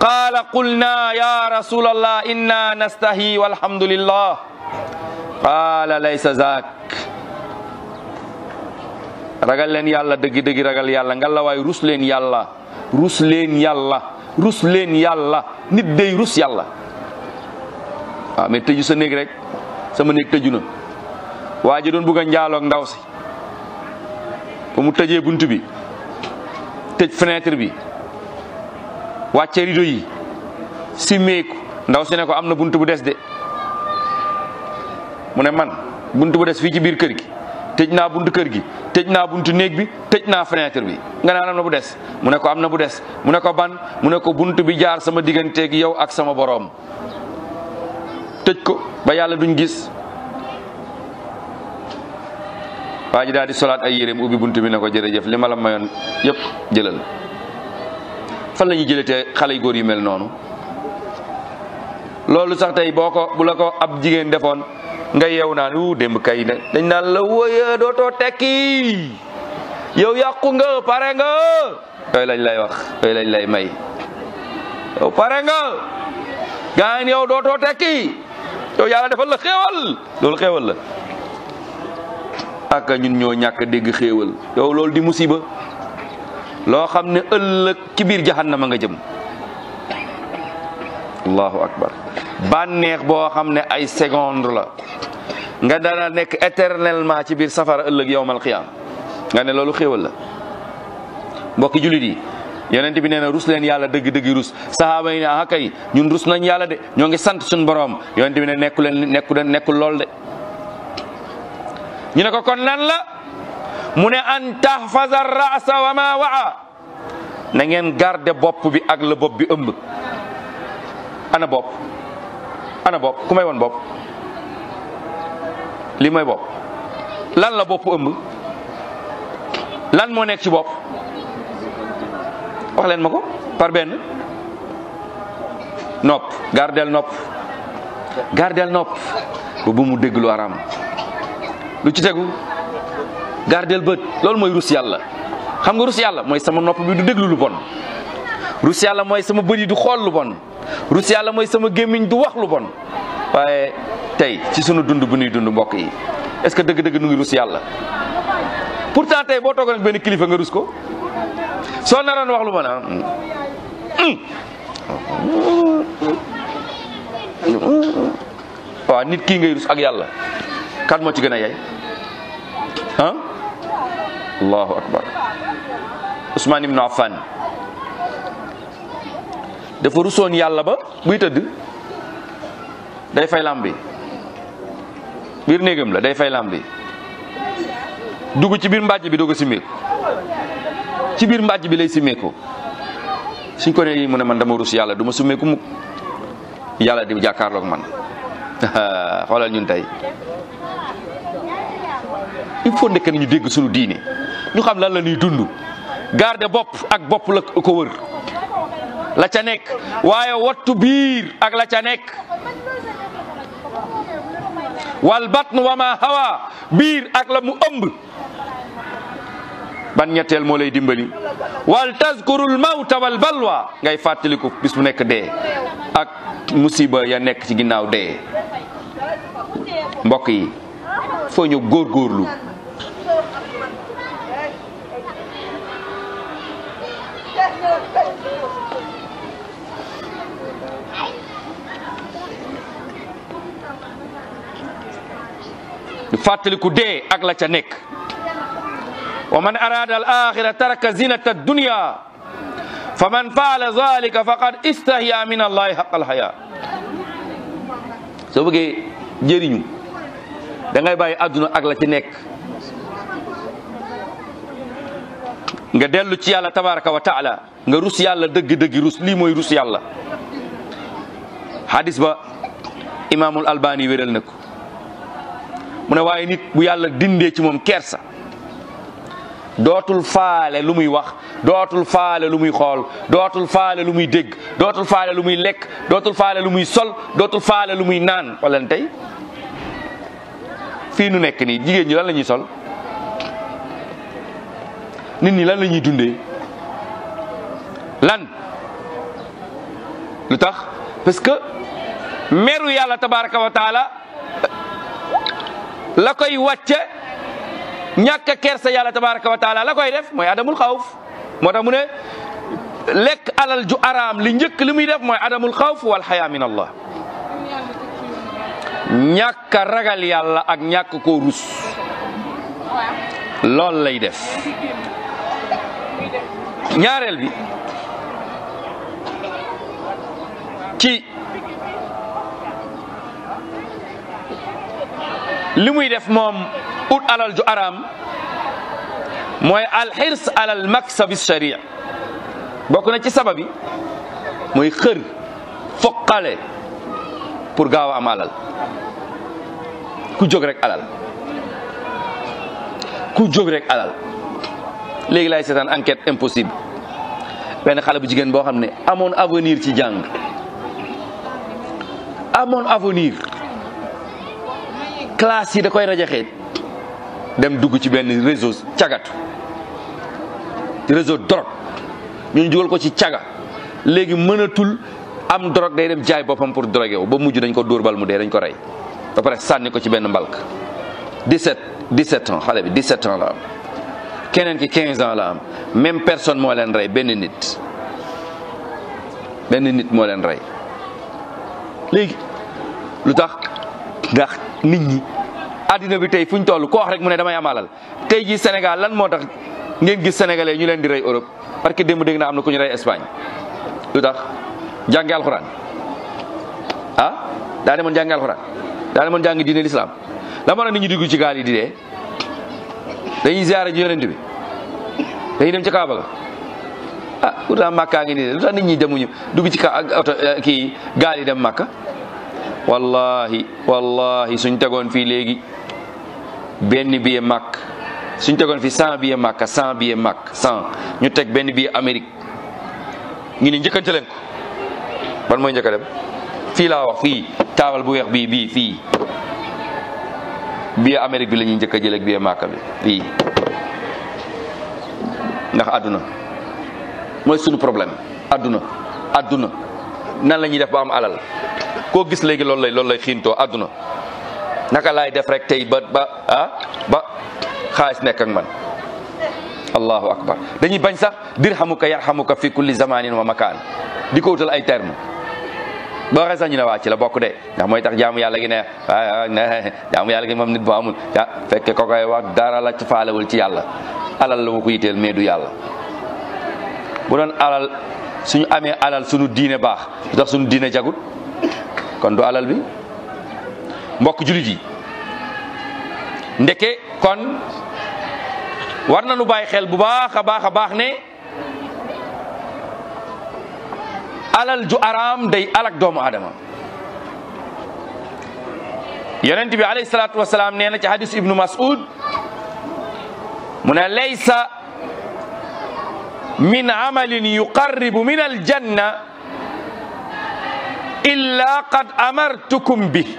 qaala qulna ya rasul allah inna nastahi walhamdulillah qaala laysa zaak ragal leen yàlla dëgg-dëgg ragal yàlla nga la waay rus leen yàlla rus leen yàlla rus leen yàlla nit day rus yàlla waaw ah, mais tëju sa néeg rek sama néeg tëju na waa ji doon bugg a njaaloog ndaw si mu tëjee bunt bi tëj fenêtre bi wàcce rido yi simmeeku ndaw si ne ko am na bunt bu des de mu ne man bunt bu des fii ci biir kër gi tëj naa bunt kër gi tëj naa bunt néeg bi tëj naa fenêtre bi nga naan am na bu des mu ne ko am na bu des mu ne ko ban mu ne ko bunt bi jaar sama digganteeg yow ak sama boroom tëj ko ba yàlla duñ gis waa ji daal di solaat ay yéreem ubbi bunt bi ne ko jërëjëf li ma la yëpp jëlal fan la ñuy jëlatee xale yu góor yu mel noonu loolu sax tey boo ko bu ko ab jigéen defoon nga yeew naan wu démb kay ne dañ naan la wóoya dootoo tekki yow yàqu nga pare nga yooyu lañ lay wax yooyu lañ lay may yow pare yow dootoo tekki yow defal la xéewal loolu xéewal la ak ñun ñoo ñàkk dégg xéewal yow loolu di musiba loo xam ne ëllëg ci biir jahannama nga jëm allahu akbar bànneex boo xam ne ay seconde la nga dana nekk éternellement ci biir safara ëllëg yowmal qiyaam nga ne loolu xéewal la mbokki jullit yi yonent bi nee rus leen yàlla dëgg-dëgg rus sahaaba yi ne ah kay ñun rus nañ yàlla de ñoo ngi sant suñu boroom yonent bi ne nekku lool de ñu ne ko kon lan la mu ne an tahfaza rasa wa ma waa na ngeen garder bopp bi ak la bopp bi ëmb ana bopp ana bopp ku may woon bopp li mooy bopp lan la bopp ëmb lan moo nekk ci bopp wax ma ko par benn nopp gardel nopp gardel nopp ba bu mu déglu araam lu ci tegu gardeel bët loolu mooy rus yàlla xam nga rus yàlla mooy sama nopp bi du déglu lu bon rus yàlla mooy sama bëri du xool lu bon rus yàlla mooy sama gémmiñ du wax lu bon waaye tey ci sunu dund bu nuy dund mbokk yi est-ce que dëgg-dëgg nu ngi rus yàlla pourtant tey boo toogoon ak benn kilifa nga rus ko soo naroon wax lu bon ah waaw nit ki ngay rus ak yàlla kan moo ci gën a yey ah allahu akbar Ousmane ibnu Affan dafa rusoon yàlla ba buy tëdd day fay bi biir néegam la day fay bi dugg ci biir mbàjj bi doog a simmeeku ci biir mbàjj bi lay simmeeku suñ ko ne yi mu ne man dama rus yàlla du ma summeeku yàlla di jàkkaarloog man xoolal ñun tey il faut nekk ñu dégg suñu diine ñu xam lan la ñuy dund garde bopp ak bopp la ko wër la ca nekk waaye wattu biir ak la ca nekk wal batn wama hawa biir ak la mu ëmb ban ñetteel moo lay dimbali wal tazkurul mawta wal balwa ngay fàttaliku bis bu nekk dee ak musiba ya nekk ci ginnaaw dee mbokk yi foo ñu góorgóorlu fàttaliku dee ak la ca nekk wa man arada al axira taraka zinata dunya fa man faala zalika faqad istahya min allahi xaq alxaya soo bëggee jëriñu da ngay bàyyi àdduna ak la ci nekk nga dellu ci yàlla tabaraka wa taala nga rus yàlla dëgg-dëgg rus lii mooy rus yàlla hadis ba imaamul albani wéral na ko mu ne waaye nit bu yàlla dindee ci moom kersa dootul faale lu muy wax dootul faale lu muy xool dootul faale lu muy dégg dootul faale lu muy lekk dootul faale lu muy sol dootul faale lu muy naan wala tey fii nu nekk nii jigéen ñi lan la ñuy sol nit ñi lan la ñuy dunde lan lu tax parce que meru yàlla tabaraka wa la koy wàcce ñàkk a kersa yàlla tabaraka wa la koy def mooy adamul xawf moo tax ne lekk alal ju araam li njëkk li muy def mooy adamul xawf wal xayaa min allah ñàkk a ragal yàlla ak ñàkk koo rus lool lay def ñaareel bi ci li muy def moom ut alal ju araam mooy alxirs alal maksabi sharia bokk na ci sababi mooy xër foqale pour gaaw a alal ku jóg rek alal ku jóg rek alal léegi lay seetaan enquête impossible benn xale bu jigéen boo xam ne amoon avenir ci jàng amoon avenir classe yi da koy rajaxee dem dugg ci benn réseau cagatu réseau drogue ñu jugal ko ci caga léegi mënatul am drogue day dem jaay boppam pour drogué wu ba mujj dañ ko dóor bal mu dee dañ ko rey da pare sànni ko ci benn mbalk 17 17 ans xale bi 17 ans la keneen ki 15 ans la am même personne moo leen rey benn nit benn nit moo leen rey léegi lu tax ndax nit ñi àddina bi tey fuñ ñu toll ko wax rek mu ne damay am tey jii Sénégal lan moo tax ngeen gis sénégalais ñu leen di rey Europe parce que démb dégg naa am na ku ñu rey Espagne lu tax jàngi alxuraan ah daa demoon jàngi alxuraan daa demoon jàngi diine l'islam la moo tax nit ñi dugg ci gaal yi dañuy ziare ji yonent bi dañuy dem ci Kaaba ah, ngi nii lu tax nit ci ka ak oto eh, kii gaal yi dem Makka wallahi wallahi suñ tegoon fii léegi benn billet Makka suñ tegoon fii cent billet Makka cent billet Makka cent ñu teg benn billet Amérique ñu ne njëkkante leen ban mooy njëkk a dem fii laa fii taabal bu weex bii bii fii bii Amérique bi la ñuy njëkk a jël bii Màkka bi bii ndax àdduna mooy sunu problème àdduna àdduna nan la ñuy def ba am alal koo gis léegi loolu lay loolu lay xiintoo àdduna naka laay def rek tey ba ba ah, ba xaalis nekk ak man allahu akbar dañuy bañ sax dirhamuka yarhamuka fi kulli zamanin wa makaan di ko wutal ay terme boo xee sax ñu waa ci la bokk de ndax mooy tax jaamu yàlla gi ne jaamu yàlla gi moom nit bu amul ah fekke ko koy wax dara la ci faalewul ci yàlla alal la ma ko yiteel mais du yàlla bu doon alal suñu amee alal suñu diine baax lu tax suñu diine jagut kon du alal bi mbokk julit yi ndeke kon war nañu bàyyi xel bu baax a baax a baax ne alal ju araam day alak doomu aadama yonent bi alayhi salaatu wasalaam nee na ci hadisu ibnu mas'ud mu ne laysa min amalin yuqarribu min aljanna illa qad amartukum bih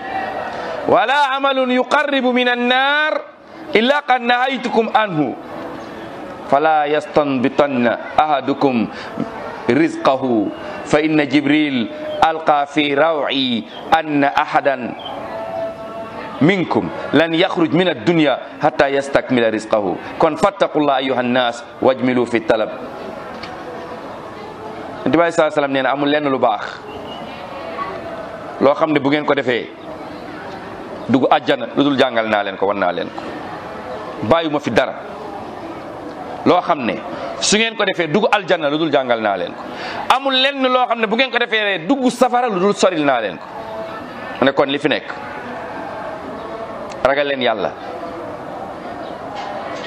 wala amalun yuqarribu min annar illa qad nahaytukum anhu fala yastanbitanna ahadukum rizqahu fa inna jibril alqa fi raw'i anna ahadan minkum lan yaxruj min addunya hatta yastakmila rizqahu kon fattaqullah ayyuha nnas wajmilu fi talab Yonent bi saa salaam nee na amul lenn lu baax loo xam ne bu ngeen ko defee dugg àjjana lu dul jàngal naa leen ko wan naa leen ko bàyyi ma fi dara loo xam ne su ngeen ko defee dugg aljanna lu dul jàngal naa leen ko amul lenn loo xam ne bu ngeen ko defee dugg safara lu dul soril naa leen ko mu ne kon li fi nekk ragal leen yàlla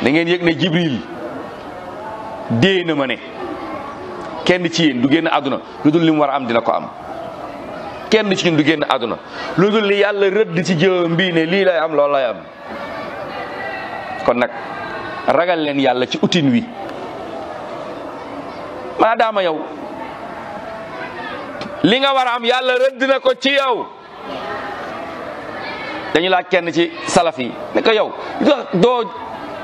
da ngeen yëg ne jibril dee na ma ne kenn ci yéen du génn àdduna lu dul li war a am dina ko am kenn ci ñun du génn àdduna lu dul li yàlla rëdd ci jëwam bii ne lii lay am loolu lay am kon nag ragal leen yàlla ci utin wi maadaama yow li nga war a am yàlla rëdd na ko ci yow dañu laaj kenn ci salafi yi ne yow doo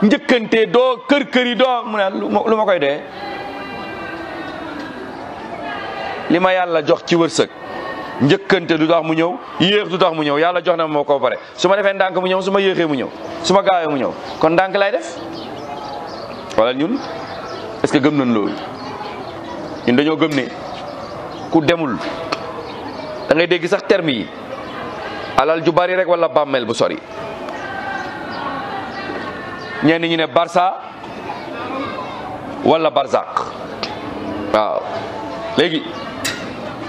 njëkkante doo kër kër yi doo mu lu ma koy dee li ma yàlla jox ci wërsëg njëkkante du tax mu ñëw yéex du tax mu ñëw yàlla jox na moo ko pare su ma defee ndànk mu ñëw su ma mu ñëw suma ma gaawee mu ñëw kon ndànk lay def xoolal ñun est-ce que gëm nañ loolu ñun dañoo gëm ne ku demul da ngay dégg sax termi yi alal ju bari rek wala bàmmeel bu sori ñeen ñu ne barsa wala Barzak waaw léegi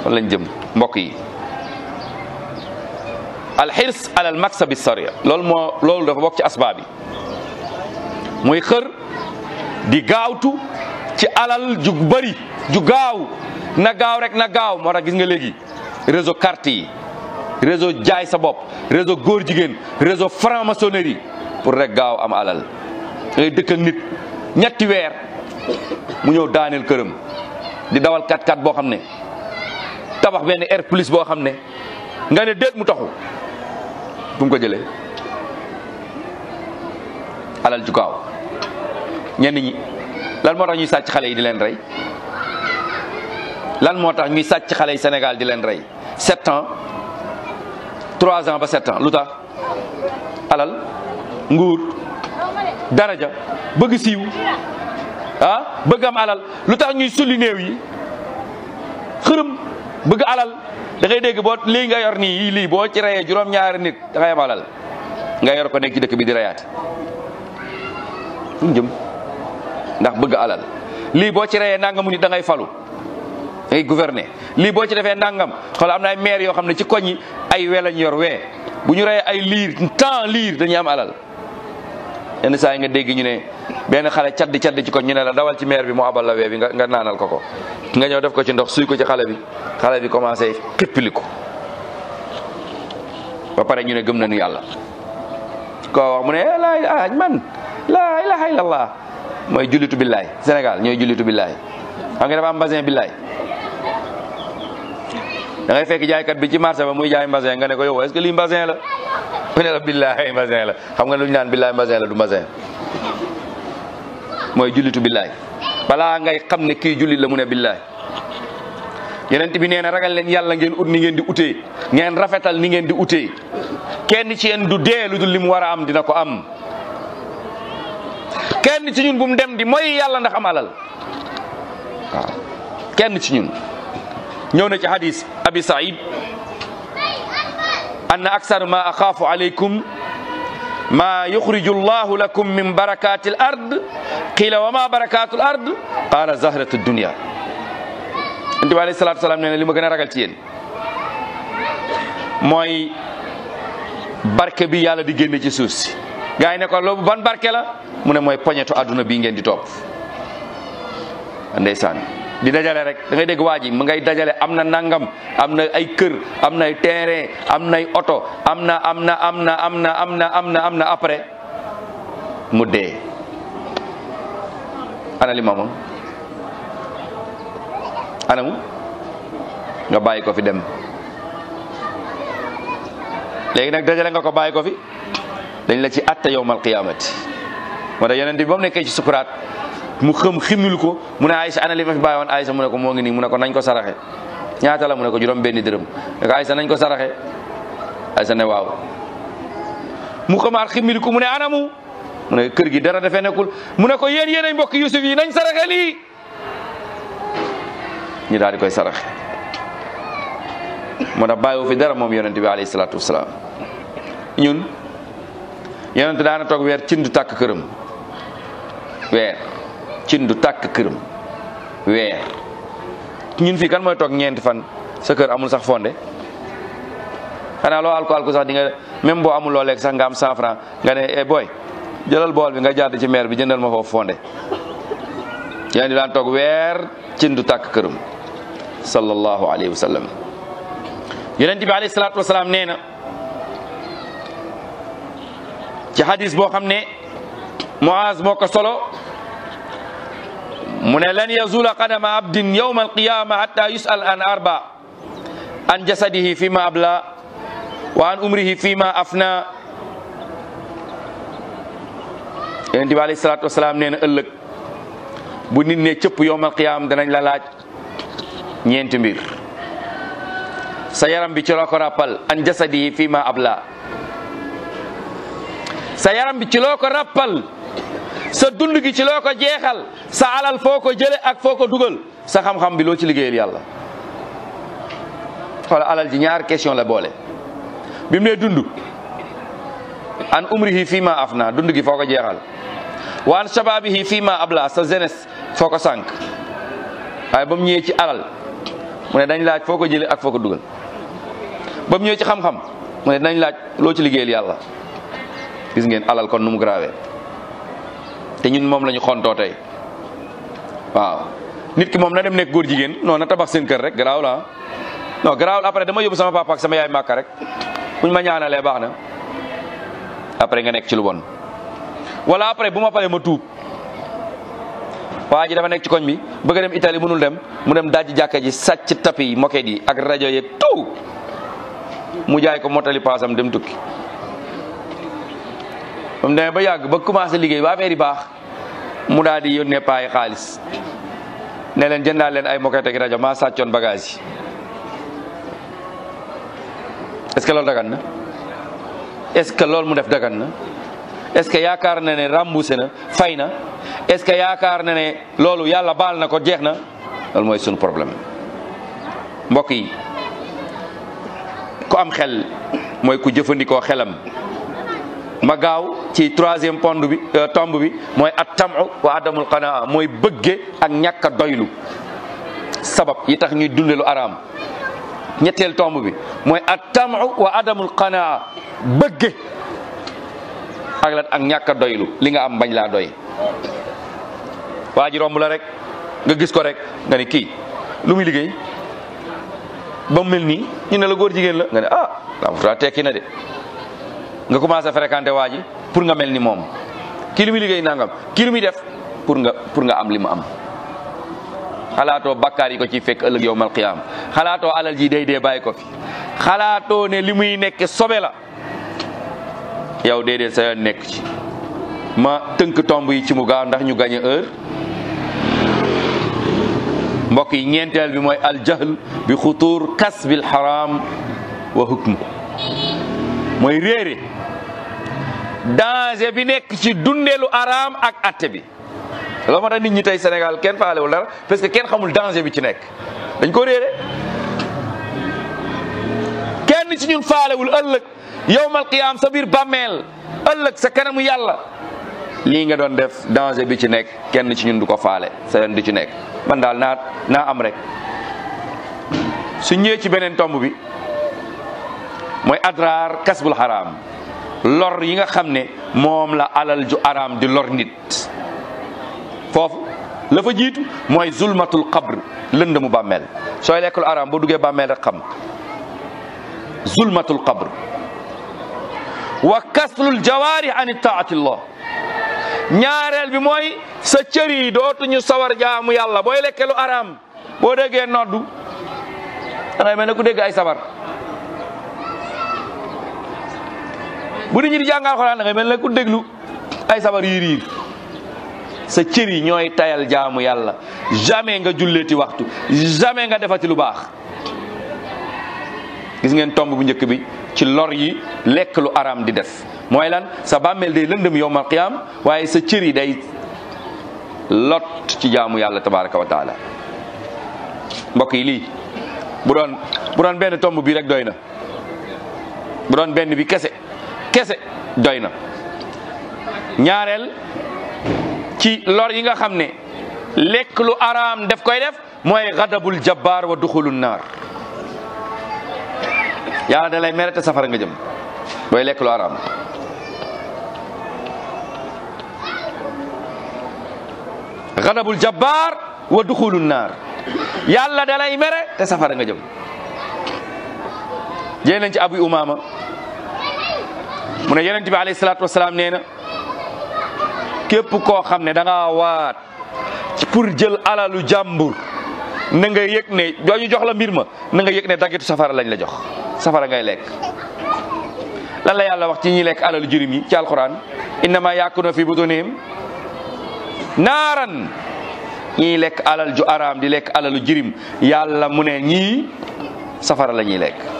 fan lañ jëm mbokk yi alxirs alal maksabi sariya loolu moo loolu dafa bokk ci asbaab muy xër di gaawtu ci alal ju bari ju gaaw na gaaw rek na gaaw moo tax gis nga léegi réseau carte yi réseau jaay sa bopp réseau góor jigéen réseau franc-maçonnerie pour rek gaaw am alal ngay dëkkal nit ñetti weer mu ñëw daaneel këram di dawal 4 x boo xam ne tabax benn air plus boo xam ne nga ne déet mu taxu fu ko jëlee alal ju gaaw ñenn ñi lal moo tax ñuy sàcc xale yi di leen rey lan moo tax ñuy sàcc xale yi Sénégal di leen rey sept ans trois ans ba sept ans lu tax alal nguur daraja bëgg siiw ah bëgg am alal lu tax ñuy sulli néew yi xërëm bëgg alal da dégg boo li nga yor nii lii boo ci reyee juróom-ñaari nit da ngay alal nga yor ko nekk ci dëkk bi di reyaate jëm ndax bëgg alal lii boo ci reyee nangamu ni da ngay falu da ngay gouverner lii boo ci defee nangam xoola am na ay maire yoo xam ne ci koñ yi ay we yor wee bu ñu reyee ay liir tant liir dañuy am alal yenn saa yi nga dégg ñu ne benn xale caddi caddi ci koñ ñu ne la dawal ci maire bi mu abal la wee nga naanal ko ko nga ñëw def ko ci ndox suy ko ci xale bi xale bi commencé xippili ko ba pare ñu ne gëm nañu yàlla koo wax mu ne laa laa ilaha illallah mooy jullitu billaay Sénégal ñooy jullitu billaay xam nga dafa am mbasin billaay da ngay fekk jaaykat bi ci marché ba muy jaay mbasin nga ne ko yow est-ce que lii mbasin la mu ne la billaay la xam nga lu ñu naan billaay la du mbasin mooy jullitu billaay balaa ngay xam ne kii jullit la mu ne billaay yonent bi nee na ragal leen yàlla ngeen ut ni ngeen di ute ngeen rafetal ni ngeen di utee kenn ci yéen du dee lu dul li war a am dina ko am kenn ci ñun bu mu dem di mooy yàlla ndax am alal waaw kenn ci ñun ñëw na ci hadis abi said anna aksar ma axaafu alaykum ma yuxriju llahu lakum min barakati l ard qiila wa ma barakatu l ard qaala zahratu dunia anti bi alayhi salatu salaam nee na li ma gën a ragal ci yéen mooy barke bi yàlla di génne ci suuf si gaa yi ne ko loolu ban barke mu ne mooy poñetu àdduna bii ngeen di topp ndeysaan di dajale rek da ngay dégg waa ji mu ngay dajale am na nangam am na ay kër am na ay terrain am na ay oto am na am na am na am na am na am na am na après mu dee ana li maamoon anamu nga bàyyi ko fi dem léegi nag dajale nga ko bàyyi ko fi dañ la ci atta yowmal qiyaamati moo tax yonent bi ba mu nekkee ci sukuraat mu xëm ximil ko mu ne Aysa ana li ma fi bàyyi woon Aysa ne ko moo ngi nii mu ne ko nañ ko saraxe ñaata la mu ne ko juróom benn dërëm ne ko Aysa nañ ko saraxe Aysa ne waaw mu xamaat ximil ko mu ne anamu mu ne kër gi dara dafee nekkul mu ne ko yéen yéen ay mbokk Yusuf yi nañ saraxe lii ñu daal di koy saraxe moo tax bàyyiwu fi dara moom yonent bi alayhi salaatu wasalaam yonent daana toog weer cin du tàkk këram weer cin du tàkk këram weer fii kan mooy toog ñeenti fan sa kër amul sax fonde xanaa loo alko alko sax di nga même boo amuloo loo lekk sax nga am 100 francs nga ne e booy jëlal bool bi nga jàdd ci meer bi jëndal ma foofu fonde yéen di daan toog weer cin du tàkk këram sallallahu alayhi sallam yonent bi alayhi salaatu wasalaam ci hadis boo xam ne Muaz moo ko solo mu ne lan yazula qadama abdin yawma alqiyama hatta yusal an arba an jasadihi fi ma abla wa an umrihi fi ma afna yonent bi alayhi salaatu wasalaam nee na ëllëg bu nit ne cëpp yawmal qiyaam danañ la laaj ñeenti mbir yaram bi ci la an jasadihi fi ma abla sa yaram bi ci loo ko rappal sa dund gi ci loo ko jeexal sa alal foo ko jële ak foo ko dugal sa xam-xam bi loo ci liggéeyal yàlla wala alal ji ñaar question la boole bi mu ne dund an umrihi fii ma afna dund gi foo ko jeexal wa an shababihi fii ma abla sa jeunesse foo ko sànq waaye ba mu ñëwee ci alal mu ne dañ laaj foo ko jële ak fooko dugal ba mu ci xam-xam mu ne dañ laaj loo ci liggéeyal yàlla gis ngeen alal kon nu mu grave te ñun moom la ñu xontoo waaw nit ki moom na dem nekk góor jigéen non na tabax seen kër rek garaaw la ah. non garaawul après dama yóbbu sama papa ak sama yaay màkka rek buñ ma ñaanalee baax na après nga nekk ci lu bon wala après bu ma paree ma tuub waa ji dafa nekk ci koñ bi bëgg a dem Italie mënul dem mu dem dajji jàkka ji sàcc tapi moket yi ak rajo yeeg tout mu jaay ko motali paasam dem tukki ba mu ba yàgg ba commencé liggéey ba affaire yi baax mu daal di yónnee paay xaalis ne leen jëndaal leen ay moquette ak rajo maa sàccoon bagage yi est que loolu dagan na est-ce que loolu mu def dagan na est-ce que yaakaar na ne remboursé na fay na est-ce que yaakaar na ne loolu yàlla baal na ko jeex na loolu mooy suñu problème mbokk yi ku am xel mooy ku jëfandikoo xelam ma gaaw ci troisième pond bi euh, tomb bi mooy at tamu wa adamul qanaa mooy bëgge ak ñàkk a doylu sabab yi tax ñuy dunde lu araam ñetteel tomb bi mooy at tamu wa adamul qanaa bëgge ak lan ak ñàkk doylu li nga am bañ laa doy waa ji romb la rek nga gis ko rek nga ne kii lu muy liggéey ba mu mel nii ñu ne la góor jigéen la nga ne ah lamfata tekki na de nga commencé fréquenté waa ji pour nga mel ni moom kii lu muy liggéey nangam kii lu def pour nga pour nga am li mu am. xalaatoo bakkaar yi ko ciy fekk ëllëg yow mal qiyaam xalaatoo alal ji day dee bàyyi ko fi xalaatoo ne li muy nekk sobe la yow dee dee sa nekk ci ma tënk tomb yi ci mu ndax ñu gañ a heure mbokk yi ñeenteel bi mooy aljahl bi xutuur kasbil xaraam wa hukmu mooy réere danger bi nekk ci dundeelu araam ak atte bi loolu moo tax nit ñi tey Sénégal kenn faalewul dara parce que kenn xamul danger bi ci nekk dañ ko de kenn ci ñun faalewul ëllëg yowmal qiyaam sa biir bàmmeel ëllëg sa kanamu yàlla lii nga doon def danger bi ci nekk kenn ci ñun du ko faale sa yoon du ci nekk man daal naa naa am rek su ñëwee ci beneen tomb bi mooy adraar kasbul xaraam lor yi nga xam ne moom la alal ju araam di lor nit foofu lafa fa jiitu mooy zulmatul qabr lëndëmu bàmmeel sooy lekk lu araam boo duggee bàmmeel rek xam zulmatul wa kaslul jawaari an taatillah ñaareel bi mooy sa cër yi dootuñu sawar jaamu yàlla booy lekkelu araam boo déggee noddu dangay mel ne ku dégg ay sawar bu nit ñi di jàng alxuraan da ngay mel na ku déglu ay sabar yi riir sa cër yi ñooy tayal jaamu yàlla jamais nga julleeti waxtu jamais nga defati lu baax. gis ngeen tomb bu njëkk bi ci lor yi lekk lu araam di def mooy lan sa bàmmeel day lëndëm yowmal qiyaam waaye sa cër yi day lot ci jaamu yàlla tabaaraka wa taala mbokk yi lii bu doon benn tomb bi rek doy na bu doon benn bi kese. kese doy na ñaareel ci lor yi nga xam ne lekklu lu araam def koy def mooy gadabul jabbaar wa duxulu naar yàlla da lay merete safara nga jëm booy lekk araam gadabul jabbaar wa duxulu naar yàlla da lay mere te safara nga jëm jëlee nañ ci abu umaama mu ne yonent bi alayhi salaatu na képp koo xam ne da ngaa jël alalu jàmbur na nga yëg ne dooñu jox la mbir ma na nga yëg ne safara lañ la jox safara ngay lekk lan la yàlla wax ci ñi lekk alalu jërim ci alquran innama yàkuna fi butunihim naaran ñii lekk alal ju araam di lekk alalu jërim yàlla mu ne ñii safara la ñuy lekk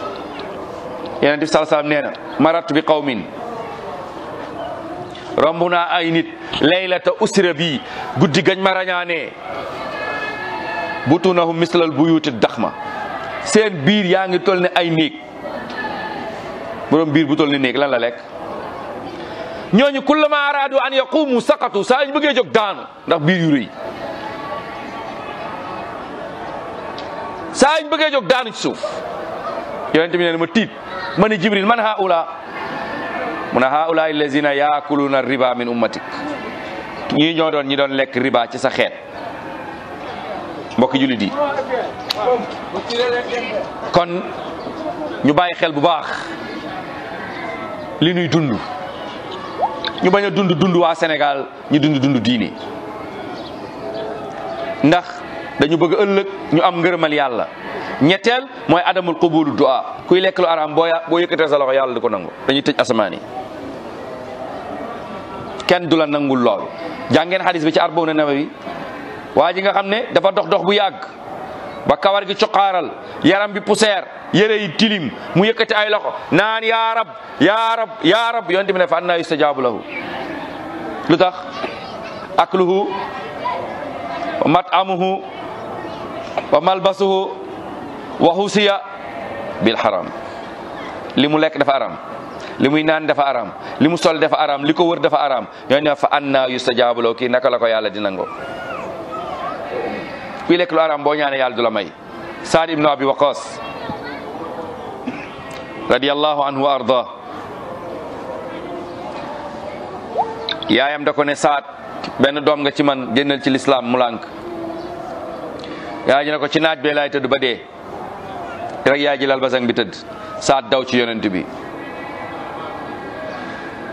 yonent bi sallallahu alayhi wasallam nee na marat bi qawmin romb na ay nit laylata usra bi guddi gañ ma rañaanee butunahum mislal buyuti daxma seen biir yaa ngi tol ni ay néeg borom biir bu toll ni néeg lan la lekk ñooñu kullama araadu an yaqumu saqatu saa ñu bëggee jóg daanu ndax biir yu saa ñu bëggee jog daanu ci suuf yonente bi nee na ma tiit ma ni jibril man haula mu ne haula allazina yaakuluna riba min ummatik ñii ñoo ñi doon lekk riba ci sa xeet mbokki jullit kon ñu bàyyi xel bu baax li ñuy dund ñu bañ a dund dund waa Sénégal ñu dund dund diine dañu bëgg ëllëg ñu am ngërëmal yàlla ñetteel mooy adamul qubulu du'a kuy lekk lu araam boo boo yëkkatee sa loxo yàlla di ko nangu dañuy tëj asamaan yi kenn du la nangul lool jàngeen xadis bi ci arbona nawawi waa ji nga xam ne dafa dox dox bu yàgg ba kawar gi cuqaaral yaram bi poussière yére yi tilim mu yëkkati ay loxo naan yaa rab yaa rab yaa rab yonent bi ne fa lu tax akluhu wa mat'amuhu wa malbasuhu wa husiya bil haram li mu lekk dafa aram li muy naan dafa aram li mu sol dafa aram li ko wër dafa aram ñoo ne fa anna yustajabu law naka la ko yàlla di nango kuy lekk lu aram boo ñaane yàlla du may Saad ibnu Abi Waqas radiyallahu yaayam da ko ne Saad benn doom nga ci man génnal ci lislaam mu yaay ji ne ko ci naaj bee laay tëdd ba dee rek yaay ji lal basang bi tëdd saat daw ci yonent bi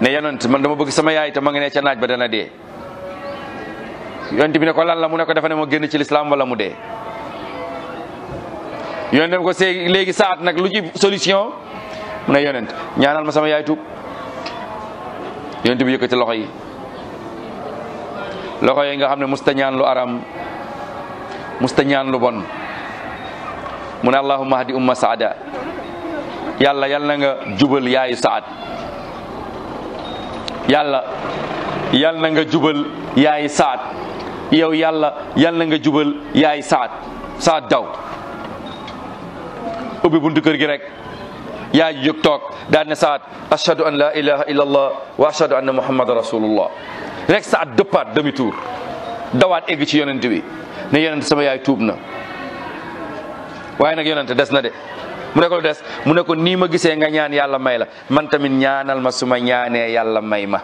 ne yonent man dama bëgg sama yaay te ma ngi ne ca naaj ba dana dee yonent bi ne ko lan la mu ne ko ne ma génn ci lislaam wala mu dee yonent bi ko see léegi saat nag lu ci solution mu ne yonent ñaanal ma sama yaay tuub yonent bi yëkkati loxo yi loxo yi nga xam ne musta ñaan lu aram musta ñaan lu bon mu ne hadi umma saada yàlla yal na nga jubal yaayu saad yàlla yal na nga jubal yaayu saad yow yàlla yal na nga jubal yaayu saad saad daw ubbi buntu kër gi rek yaay ji jóg toog daan ne saad ashhadu an la ilaha illa allah wa ashhadu anna rasulullah rek saad dëppaat demi tour dawaat egg ci yonent bi ne yonent sama yaay tuub na waaye nag yonent des na de mu ne ko des mu ne nii ma gisee nga ñaan yàlla may la man ñaanal ma suma ñaane ñaanee yàlla may ma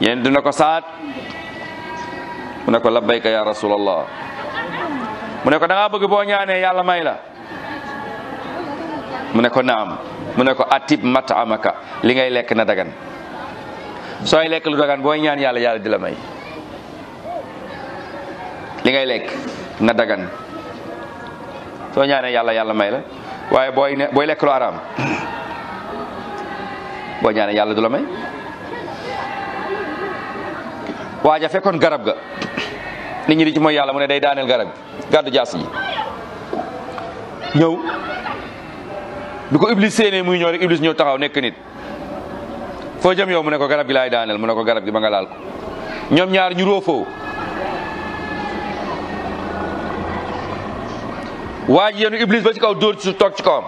yonent na ko saat mu ne ko labbayka ya rasulallah mu ne ko da ngaa bëgg boo ñaanee yàlla may la mu ne ko naam mu ne ko atib mataamaka li ngay lekk na dagan sooy lekk lu dagan booy ñaan yàlla yàlla di la may li ngay lekk na dagan soo ñaanee yàlla yàlla may la waaye booy ne booy lekk lu araam boo ñaanee yàlla du la may waaja fekkoon garab ga nit ñi di ci mooy yàlla mu ne day daaneel garab gàddu jaas yi ñëw bi ko iblis séenee muy ñëw rek iblis ñëw taxaw nekk nit foo jëm yow mu ne ko garab gi laay daaneel mu ne ko garab gi ba nga laal ko ñoom ñaar ñu roofoo waa ji yenu kaw dóor ci suuf toog ci kawam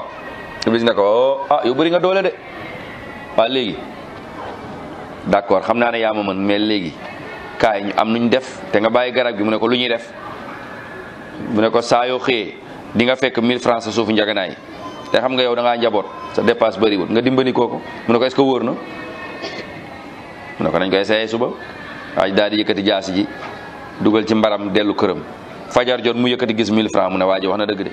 iblis ne ko oh, ah yow bëri nga doole de waa léegi d'accord xam naa ne yaa ma mën mais léegi kaay ñu am nuñ def te nga bàyyi garab gi mu ne ko lu ñuy def mu ne ko saa yoo xëyee di nga fekk 1000 francs sa suufu njaganaay te xam nga yow da ngaa njaboot sa dépasse bëriwul nga dimbali kooku mu ne ko est-ce que na mu ne ko nañ ko essayé suba waa ji daal di yëkkati jaasi ji dugal ci mbaram dellu këram fajar jot mu yëkkati gis 1000 francs mu ne waa ji wax na dëgg de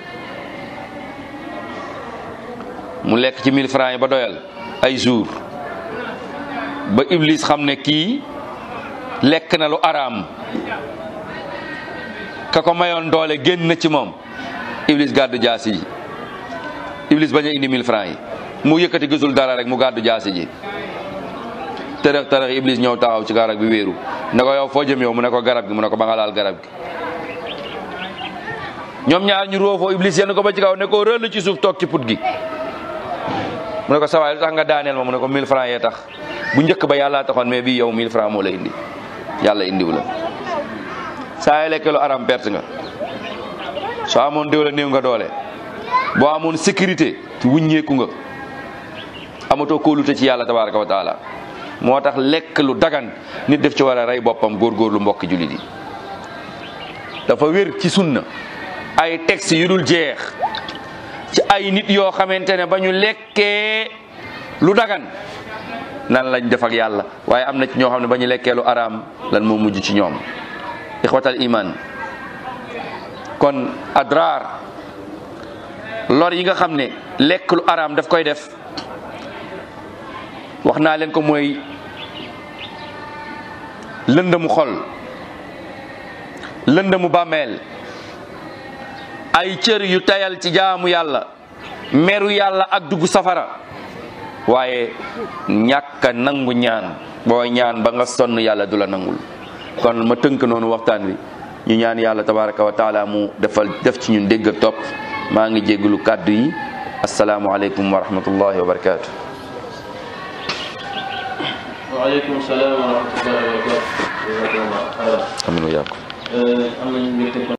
mu lekk ci 1000 francs yi ba doyal ay jour ba iblis xam ne kii lekk na lu araam ka mayoon doole génn na ci moom iblis gàddu jaasi ji iblis bañ a indi 1000 francs yi mu yëkkati gisul dara rek mu gàddu jaasi ji tërëx tërëx iblis ñëw taxaw ci garab bi wéeru ne ko yow foo jëm yow mu ne ko garab gi mu ne ko ba nga laal garab gi ñoom ñaar ñu roofoo iblis yenn ko ba ci kaw ne ko rëll ci suuf toog ci put gi mu ne ko sawaay lu tax nga daaneel ma mu ne ko 1000 francs yee tax bu njëkk ba yàllaa taxoon mais bii yow 1000 francs moo la indi yàlla indiw la saa yi lekk lu aram perte nga soo amoon déw néew nga doole boo amoon sécurité ci wuññeeku nga amatoo kóolute ci yàlla tabaraka wa taala moo tax lekk lu dagan nit def ci war a rey boppam góorgóorlu mbokki jullit yi dafa wér ay textes yu dul jeex ci ay nit yoo xamante ne ba ñu lekkee lu dagan nan lañ def yàlla waaye am na ci ñoo xam ne ba ñu lekkee lu araam lañ moo mujj ci ñoom ixwatal imaan kon adraar lor yi nga xam ne lekk lu araam daf koy def wax naa leen ko mooy lëndamu xol lëndamu bàmmeel ay cër yu tayal ci jaamu yàlla meru yàlla ak dugg safara waaye ñàkka nangu ñaan booy ñaan ba nga sonn yàlla du la nangul kon ma tënk noonu waxtaan wi ñu ñaan yàlla tabaraka wa taala mu defal def ci ñun dégg ak topp maa ngi jégalu kàddu yi asalaamualeykum wa rahmatullahi wa barakaatu. wa rahmatullahi